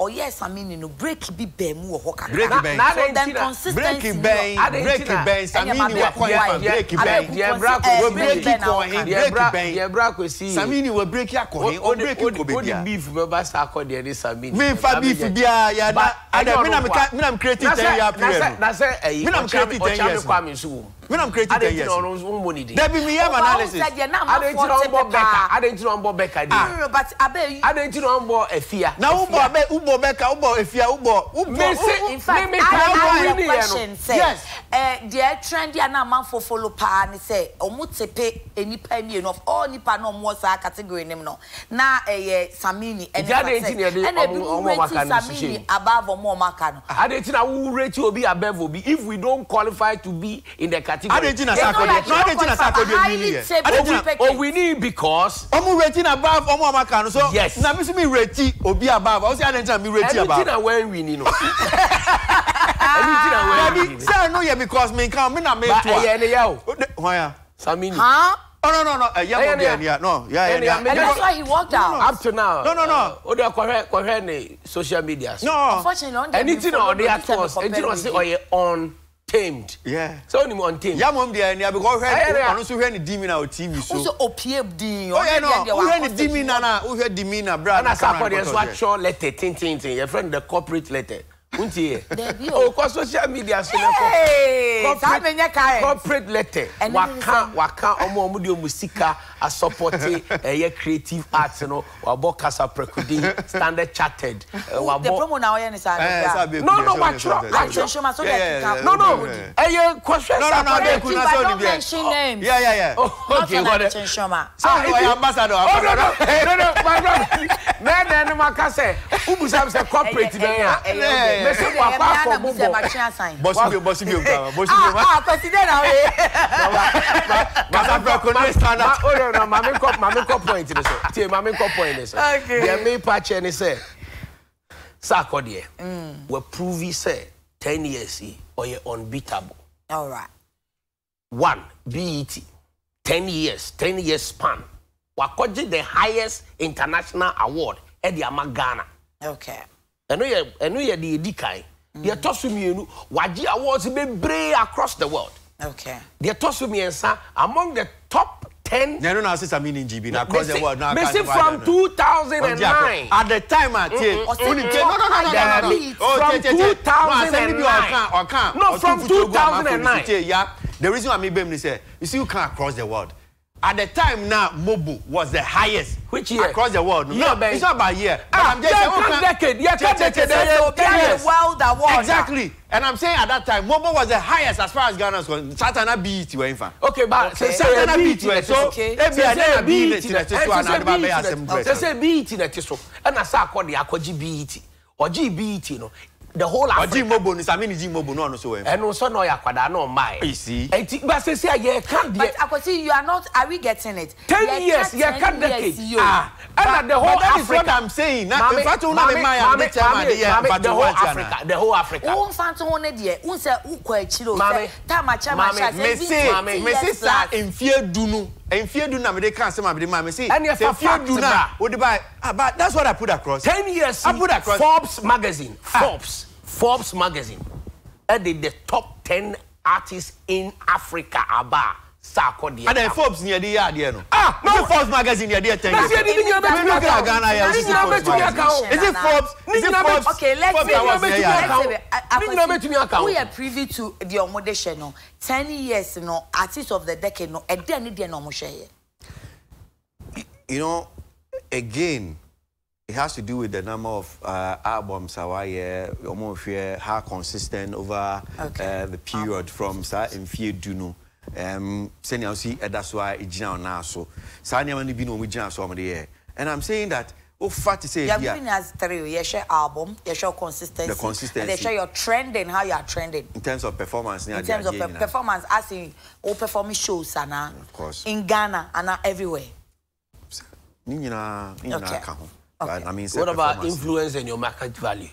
ɔyɛ samini no break bi bɛn mu wɔ hɔ kakra break bɛn so then consistency break bɛn break bɛn samini wɔ kɔyɛ fan break bɛn eh, wɔ break kɔhin break bɛn samini wɔ break akɔhin o break ko bɛ bia o di beef bɛ ba sa akɔ deɛ ni samini mi fa beef bia yada ada mi na mi ka mi na mi create ten year period na sɛ ɛyi ɔkyami ɔkyami kɔ ami nsu wo mi na mi create ten years debi mi yam analysis adentina ɔn bɔ bɛka adentina ɔn bɔ bɛka de adentina ɔn bɔ ɛfia na wo bɔ abɛ wobɔ bɛka wobɔ efia wobɔ wobɔ mese in fact me, me, i have a question Say yes eh, deɛ trend a na amanfo follow paa ne sɛ ɔmo tepe enipa mmienu of all nipa na ɔmo saa category nim no na ɛyɛ samini ɛne ba sɛ ɛna ebi mo reti samini above ɔmo ɔmo aka no. adeeti na wo reti obi above obi if we don't qualify to be in the category. adeeti na saa akɔdeɛ no adeeti na saa akɔdeɛ mi yɛ adeeti na owini oh, because. ɔmo reti above ɔmo ɔmo aka no so na mi so mi reti obi above say, adeeti na na mi reti aba. ẹni tí na wẹ́n win ni no. ẹni tí na wẹ́n win ni. sẹ́yìn nù yẹ because mi nkan mi na mi tu a. ba ẹyẹ ni yá o. wọ́n yà. sami ni. Oh, no, no, no, no. Uh, yeah, yeah, yeah. No, yeah, yeah, yeah. And that's why he walked out. No, no. Up to now. No, no, no. O de kɔhɛ kɔhɛ social media. No. Unfortunately, anything na ɔde ato anything na ɔsi on tamed. Yeah. So ni mo untamed. Yeah, mom dear, yeah, because when ono so hwe ni dimi na o TV so. Also opie din. Oh yeah no, hwe ni dimi na na, hwe dimi na bra. Na sa for the swatch letter tin tin tin, your friend the corporate letter ntiɛ okɔ oh, social media so na kɔ corporate letter waka waka ɔmo ɔmo de ɔmo sika asɔpɔte ɛyɛ creative arts no wabɔ kasa pɛkudi standard chartered wabɔ. the promo na ɔyɛ ni sa eh, abeg no no watwerɛ watwerɛ no no ɛyɛ kɔhwɛ sapɔte ti ba no mention oh, names yeah yeah yeah oh, okay wɔdɛ sɛ ɔyɛ ambassador ambassador no no my brother mɛ nɛɛnum akasɛ ubusam sɛ corporate bɛyɛ a mese wapa afọ mu bọ bọsi bi bọsi bi nka bọsi bi ma. aa pẹsidẹ na oye. kasa fẹ ko ne sanna. ma point de sọ tie maami point de sọ. diẹ mi pa kyẹ ni sẹ saakọ deɛ wɔ prove ten years yi ɔyɛ unbeatable. All right. one BET ten years ten years span wakɔgye the highest international award ɛde ama Ghana. Okay ɛno yɛ ɛno yɛ deɛ edi kan mm. deɛ tɔ so mmienu wagye awards bebree across the world okay deɛ tɔ so mmiɛnsa among the top ten. nenu na sisan mi ni jibi na across the world na across the world. from two thousand and nine. at the time a tie. ɔsɛ n kɔ adami from two thousand and nine. no from two thousand and nine. the reason why mi bɛ mi ni sɛ you see you can across the world at the time now mobo was the highest. which year across the world. no yeah, it's not about year. ah but i'm oh, decade yeah ten decade then the oh, world award exactly and i'm saying at that time mobo was the highest as far as ghana is concerned satana bet wey eh, n fa. okay ba okay. satana bet wey eh, so ebi ade na bet na ti so ana adaba bɛ asem bɛ. sese bet na ti so ɛna sa akɔ de akɔji bet ɔji bet no the whole africa. ọjí mobo ni sami ni jí mobo náà nso wẹ. ẹnu sọ náà yà àkàdá náà má yẹ. èsì. ẹtì gba sẹsẹ yẹ ká diẹ. but akosi you are not are we getting it. ten years yẹ ká decade ah ẹna the whole africa. but that is what i'm saying na nfatu na mi ma ya mi tẹ ma di yẹ the whole africa. o nfatu wọn ne deɛ n sɛ n kɔ akyire o sɛ taama kyɛ ma na mi de kan sɛ ma mi de ma mi si. ɛni ɛfa na o de ba ah but that's what i put across. ten years i put across forbes magazine ah. forbes. Forbes magazine ɛde the top ten artists in Africa aba saako deɛ. Ada Forbes ni yɛde yɛ adeɛ no. Ah, no Forbes magazine yɛde yɛ ten. Bɛsi yɛ ni nyina bɛ tumi aka o. Ghana yɛ osi Forbes magazine. Is it Forbes? Is it Forbes? Okay, let's see. Ni nyina bɛ tumi aka o. Ni nyina bɛ tumi aka o. We are privy to the ɔmo de ten years no artist of the decade no ɛdɛn ni deɛ na ɔmo hyɛ yɛ. You know, again. It has to do with the number of uh, albums uh, how consistent over okay. uh, the period oh. from Sa in Fear Duno. Um, senior see eh, that's why it's now so. Sanya Mani Bino, we jam so And I'm saying that Oh, fat is it? you have been us three. You share album, you share consistency. The consistency. And they share your trending, how you are trending. In terms of performance. In terms of performance, I see all oh, performing shows, Anna. Of course. In Ghana, Anna, everywhere. Okay. Okay. I mean, what about influence and your market value?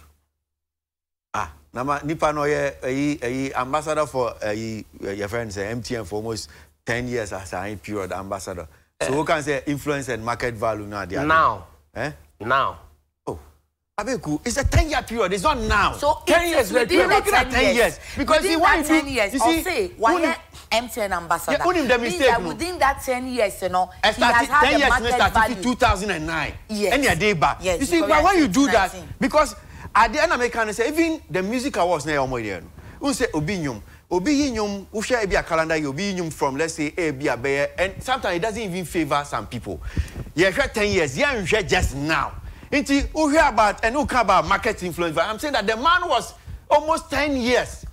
Ah, nama nipa no yɛ ɛyi ambassador for ɛyi eh, your friends say MTN for almost ten years as a period ambassador. So uh, who can say influence and market value now? Now. Eh? Now. Oh, Abeku, it's a 10 year period, it's not now. So 10 years, we're making it 10 years. years. Because within see, that 10 you, years, you see, why MTN ambassador. Yeah, only the mistake. That no. Within that 10 years, you know, he has 10 years, market started value. 2009. Yes. Any day back. Yes, you see, but when you do that, because at the end of the say even the music awards, now you're who say Obinyum. Obi yinyum, who share a calendar, you'll be yinyum from, let's say, a be a bear, and sometimes it doesn't even favor some people. Yeah, 10 years, yeah, just now. Until who hear about and who care about market influence, I'm saying that the man was almost 10 years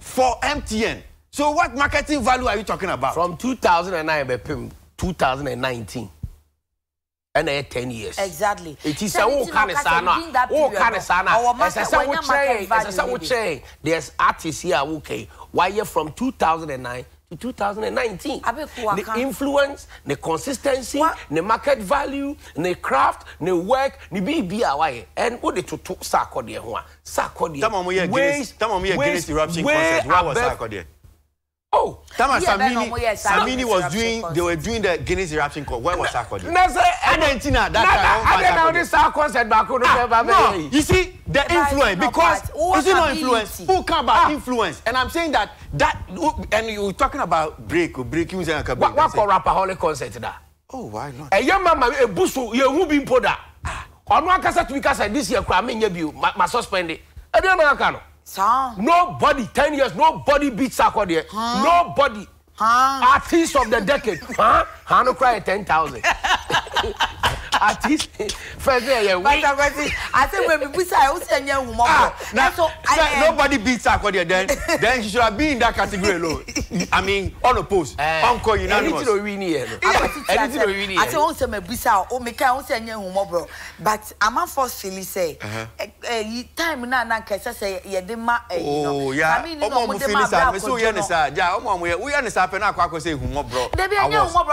for MTN. So what marketing value are you talking about? From 2009 to 2019. And they 10 years. Exactly. It is a whole kind of sana. Whole kind of sana. As I said, what change? As I what change? There's artists here, okay. Why you from 2009 to 2019. The influence, the consistency, the market value, the craft, the work, the BBI. And what they to talk Sarkodie. Sarkodie. Ways, ways, ways, ways, ways, ways, ways, ways, ways, ways, ways, ways, ways, ways, ways, ways, ways, ways, Oh, Tama yeah, Samini, Samini was doing, they were doing the Guinness eruption concert. Where was Sarkodie? Ah, no, sir. Argentina, that time. I don't know this Sarkodie back ah, no, you see, the influence, because, you see, no influence, who come about ah. influence? And I'm saying that, that, and you're talking about break, break, you say, break. What, what for Rapaholic concert that? Oh, why not? A eh, young man, a eh, busu, you who been put that? On one cassette, we cassette this year, I mean, you, my suspended. I eh, don't know how saa nobody ten years nobody beat sakɔ deɛ nobody artist of the decade hàn hàn no cry ten thousand. at least fẹsẹ ẹ yẹ wí. pátákọ́tì àti ìwé mi bísà ẹ̀ ó sì ẹ̀yẹ wù mọ́ bọ̀. na so I, um, nobody beat akọ́dẹ then then she should have been in that category alone i mean all opposed uh, uncle unanimous. ẹni tí ló rí ni yẹn ẹni tí ló rí ni yẹn. àti òun oh, uh-huh. eh, eh, sọ ma bísà o mi ká òun sì ẹ̀yẹ wù mọ́ bọ̀ but àmà fọ́ sílí sẹ́ ẹ̀yí Time náà náà kẹsẹ́ sẹ́ yẹ de ma ẹ̀yìn náà. ooo ya ọmọ mu fi ni sa mi sọ yẹ ni sa ja ọmọ mu yẹ wọ́n yẹ ni sa pẹ́ náà akọ akọ sẹ́ ìhùmọ́ bọ̀. debi ẹ̀yẹ ìhùmọ́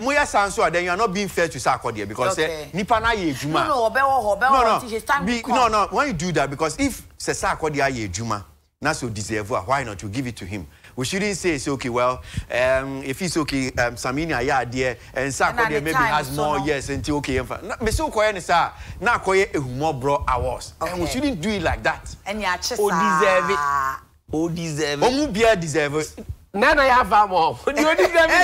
bọ̀ sẹ́ nipa nso then you are not being fair to say because sɛ eh, nipa na yɛ edwuma no no ɔbɛwɔ hɔ ɔbɛwɔ hɔ ti stand be no no when you do that because if sɛ sɛ akɔdeɛ ayɛ na so deserve a why not you give it to him we shouldn't say it's okay well um, if it's okay um, samini aya adeɛ and akɔdeɛ maybe has so more no. years until okay Me so mesin kɔyɛ ne sa na akɔyɛ ehumɔbrɔ awards okay. and we shouldn't do it like that ɛni akyi saa o deserve it o deserve it ɔmu bia deserve it nana yà fa mọ. ni eh, o deserve ni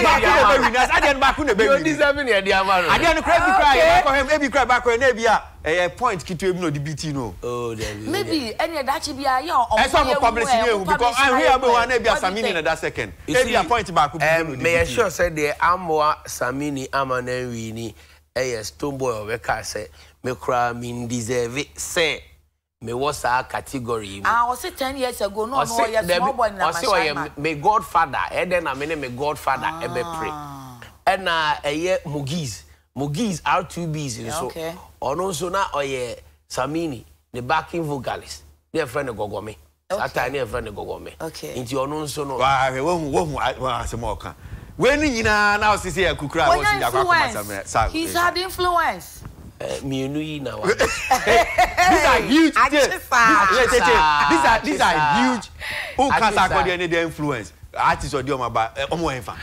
baako na bɛ winners Adi ni baako na bɛ winners. ni o deserve ni ɛdi ama no. adiɛ ni kura ebi kura yɛ bakɔ hɛm ebi kura bakɔ hɛ n'ebi a ɛyɛ point kituo ebi na odi bi ti no. maybe ɛni eh, ɛdakye bi a yɛ ɔmo yɛ wu ɛ ɛsɛ ɔmo publish eh, ni because ahu yɛ bɛ wa na ebi a samini na da second ebi a point baako bi na odi bi ti. mɛ yɛ sure sɛ deɛ amoa samini ama na nwi ni ɛyɛ stone boy ɔbɛka sɛ mɛ kura mi n deserve sɛ mewɔ saa category yi mu. ah ten years ago no ɔno ɔyɛ No boy in ma ṣe ma. ɔsi ɔyɛ me godfather ɛdɛ na me ne me godfather ɛbɛ ah. pere ɛna ɛyɛ mugiz mugiz r2bs nso ɔno nso na ɔyɛ samini ne backing vocalist ne yɛfrɛ ne gɔgɔmi sata ne yɛfrɛ ne gɔgɔmi nti ɔno nso no. waa wohun wohun asɛm ɔka wei ni nyinaa na ɔsi sɛ yɛ kukura a wɔsi yɛ akɔ akɔmasɛm rɛ. he had influence mmienu yi na wa. these are huge things these are these are huge who kasa akɔdeɛ ne de influence artist ɔdi ɔmo aba ɔmo ɛnfa.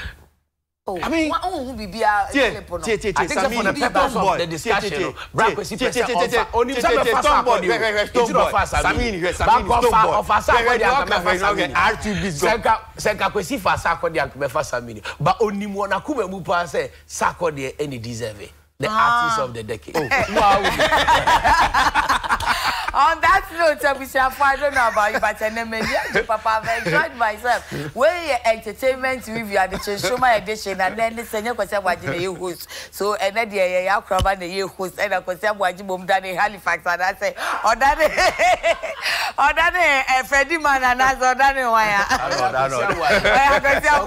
Oh, I mean, oh, be a tie tie tie. I think for the purpose of the discussion, Branko si pese offer. Only some of us are body. Tom boy, Samini, Samini, Tom boy. Offer sa ko di anka mefa Samini. R2B go. Senka senka ko si fa sa ko di anka mefa Samini. But only mo na kuma mu pa se sa ko di any deserve the ah. artist of the decade. Oh. Eh, wow. On that note, Abishafo, uh, I don't know about you, but I never knew Papa. I've enjoyed myself. Where your entertainment review at the Chinshoma edition, and then the senior question was the host. So, and then the uh, Yakrava, the host, and I was saying, Wajibum, Danny Halifax, and I say, Oh, Danny, Oh, Danny, eh, Freddie Man, and I saw oh, Danny Wire. Uh? I don't know.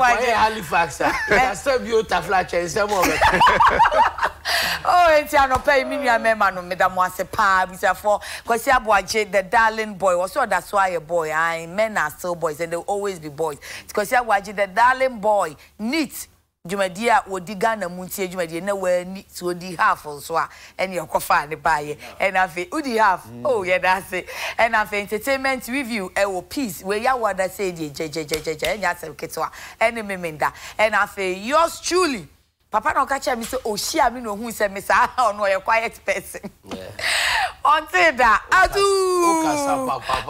I Halifax, I said, You're a flat chain, some of it. oh, it's an opay, me, I remember, no, Madame was a pub, it's a four, because I boy, the darling boy, also that's why a boy, I men are still boys and they'll always be boys. Because I watch the darling boy, neat. Jumadi a wodi Ghana mu ntie jumadi na wani so di half so a ene yakofa And I ene afi udi half mm. oh yeah that's it And I afi entertainment review e will peace we ya wada say I say je je je enya self ketewa ene And I afi yours truly papa na ɔka kyerɛ mi sɛ ɔhyia mi na ohun sɛ mi saa ɔno ɔyɛ quiet person ɔnte da atu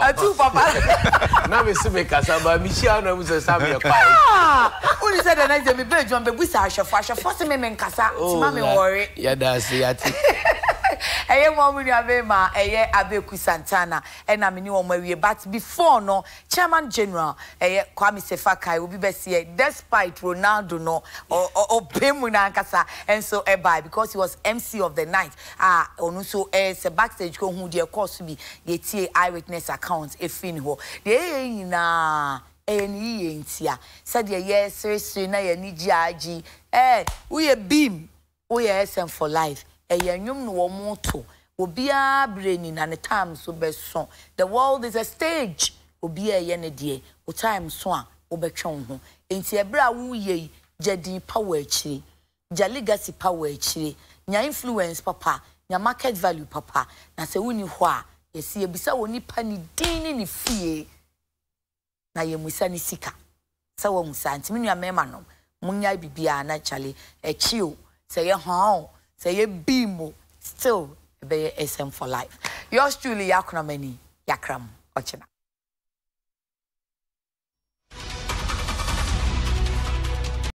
atu papa na mi si mi kasa ba mi hyia na mi sɛ saa mi yɛ quiet ah! wuli sɛ dana sɛ mi bɛ jɔn bɛ busa ahwɛfo ahwɛfo si mi mi nkasa tuma mi wɔre yada ase yati ɛyɛ mu ɔmu nua bɛyɛ ma ɛyɛ abeku santana ɛna mi ni wɔn awie but before no chairman general ɛyɛ kwame sefa kai obi bɛ seɛ despite ronaldo no ɔbɛn mu na nankasa nso ɛbaa eh, because he was mc of the night ah, onu so eh, se backstage ko hu deɛ kɔɔso bi yɛtie eyewitness account efiri The hɔ deɛ ɛyɛ nyinaa ɛyɛ ne yie ntia sɛdeɛ yɛreseresere na yɛn e, ni gye agye ɛɛ woyɛ beam woyɛ sm for life ɛyɛ e, nnwom na wɔn to obiara bere ni na ne time so bɛso the world is a stage obiara ɛyɛ ne deɛ o time so a wobɛtwe wo ho e, nti ɛberɛ a woyɛ yi gye din pa wɔ gya legacy pa wɔ akyire nya influence papa nya market value papa na sɛ wonni hɔ a yɛsi ebisa wɔ nipa ne din ne ne fie na yɛmusa ne sika sɛ wɔn musa nti mi nua mɛma no mo nya bibia na kyale akyi o sɛ yɛ hɔn o sɛ yɛ beam o still ɛbɛyɛ sm for life yours truly yakunamani yakram ɔkyena.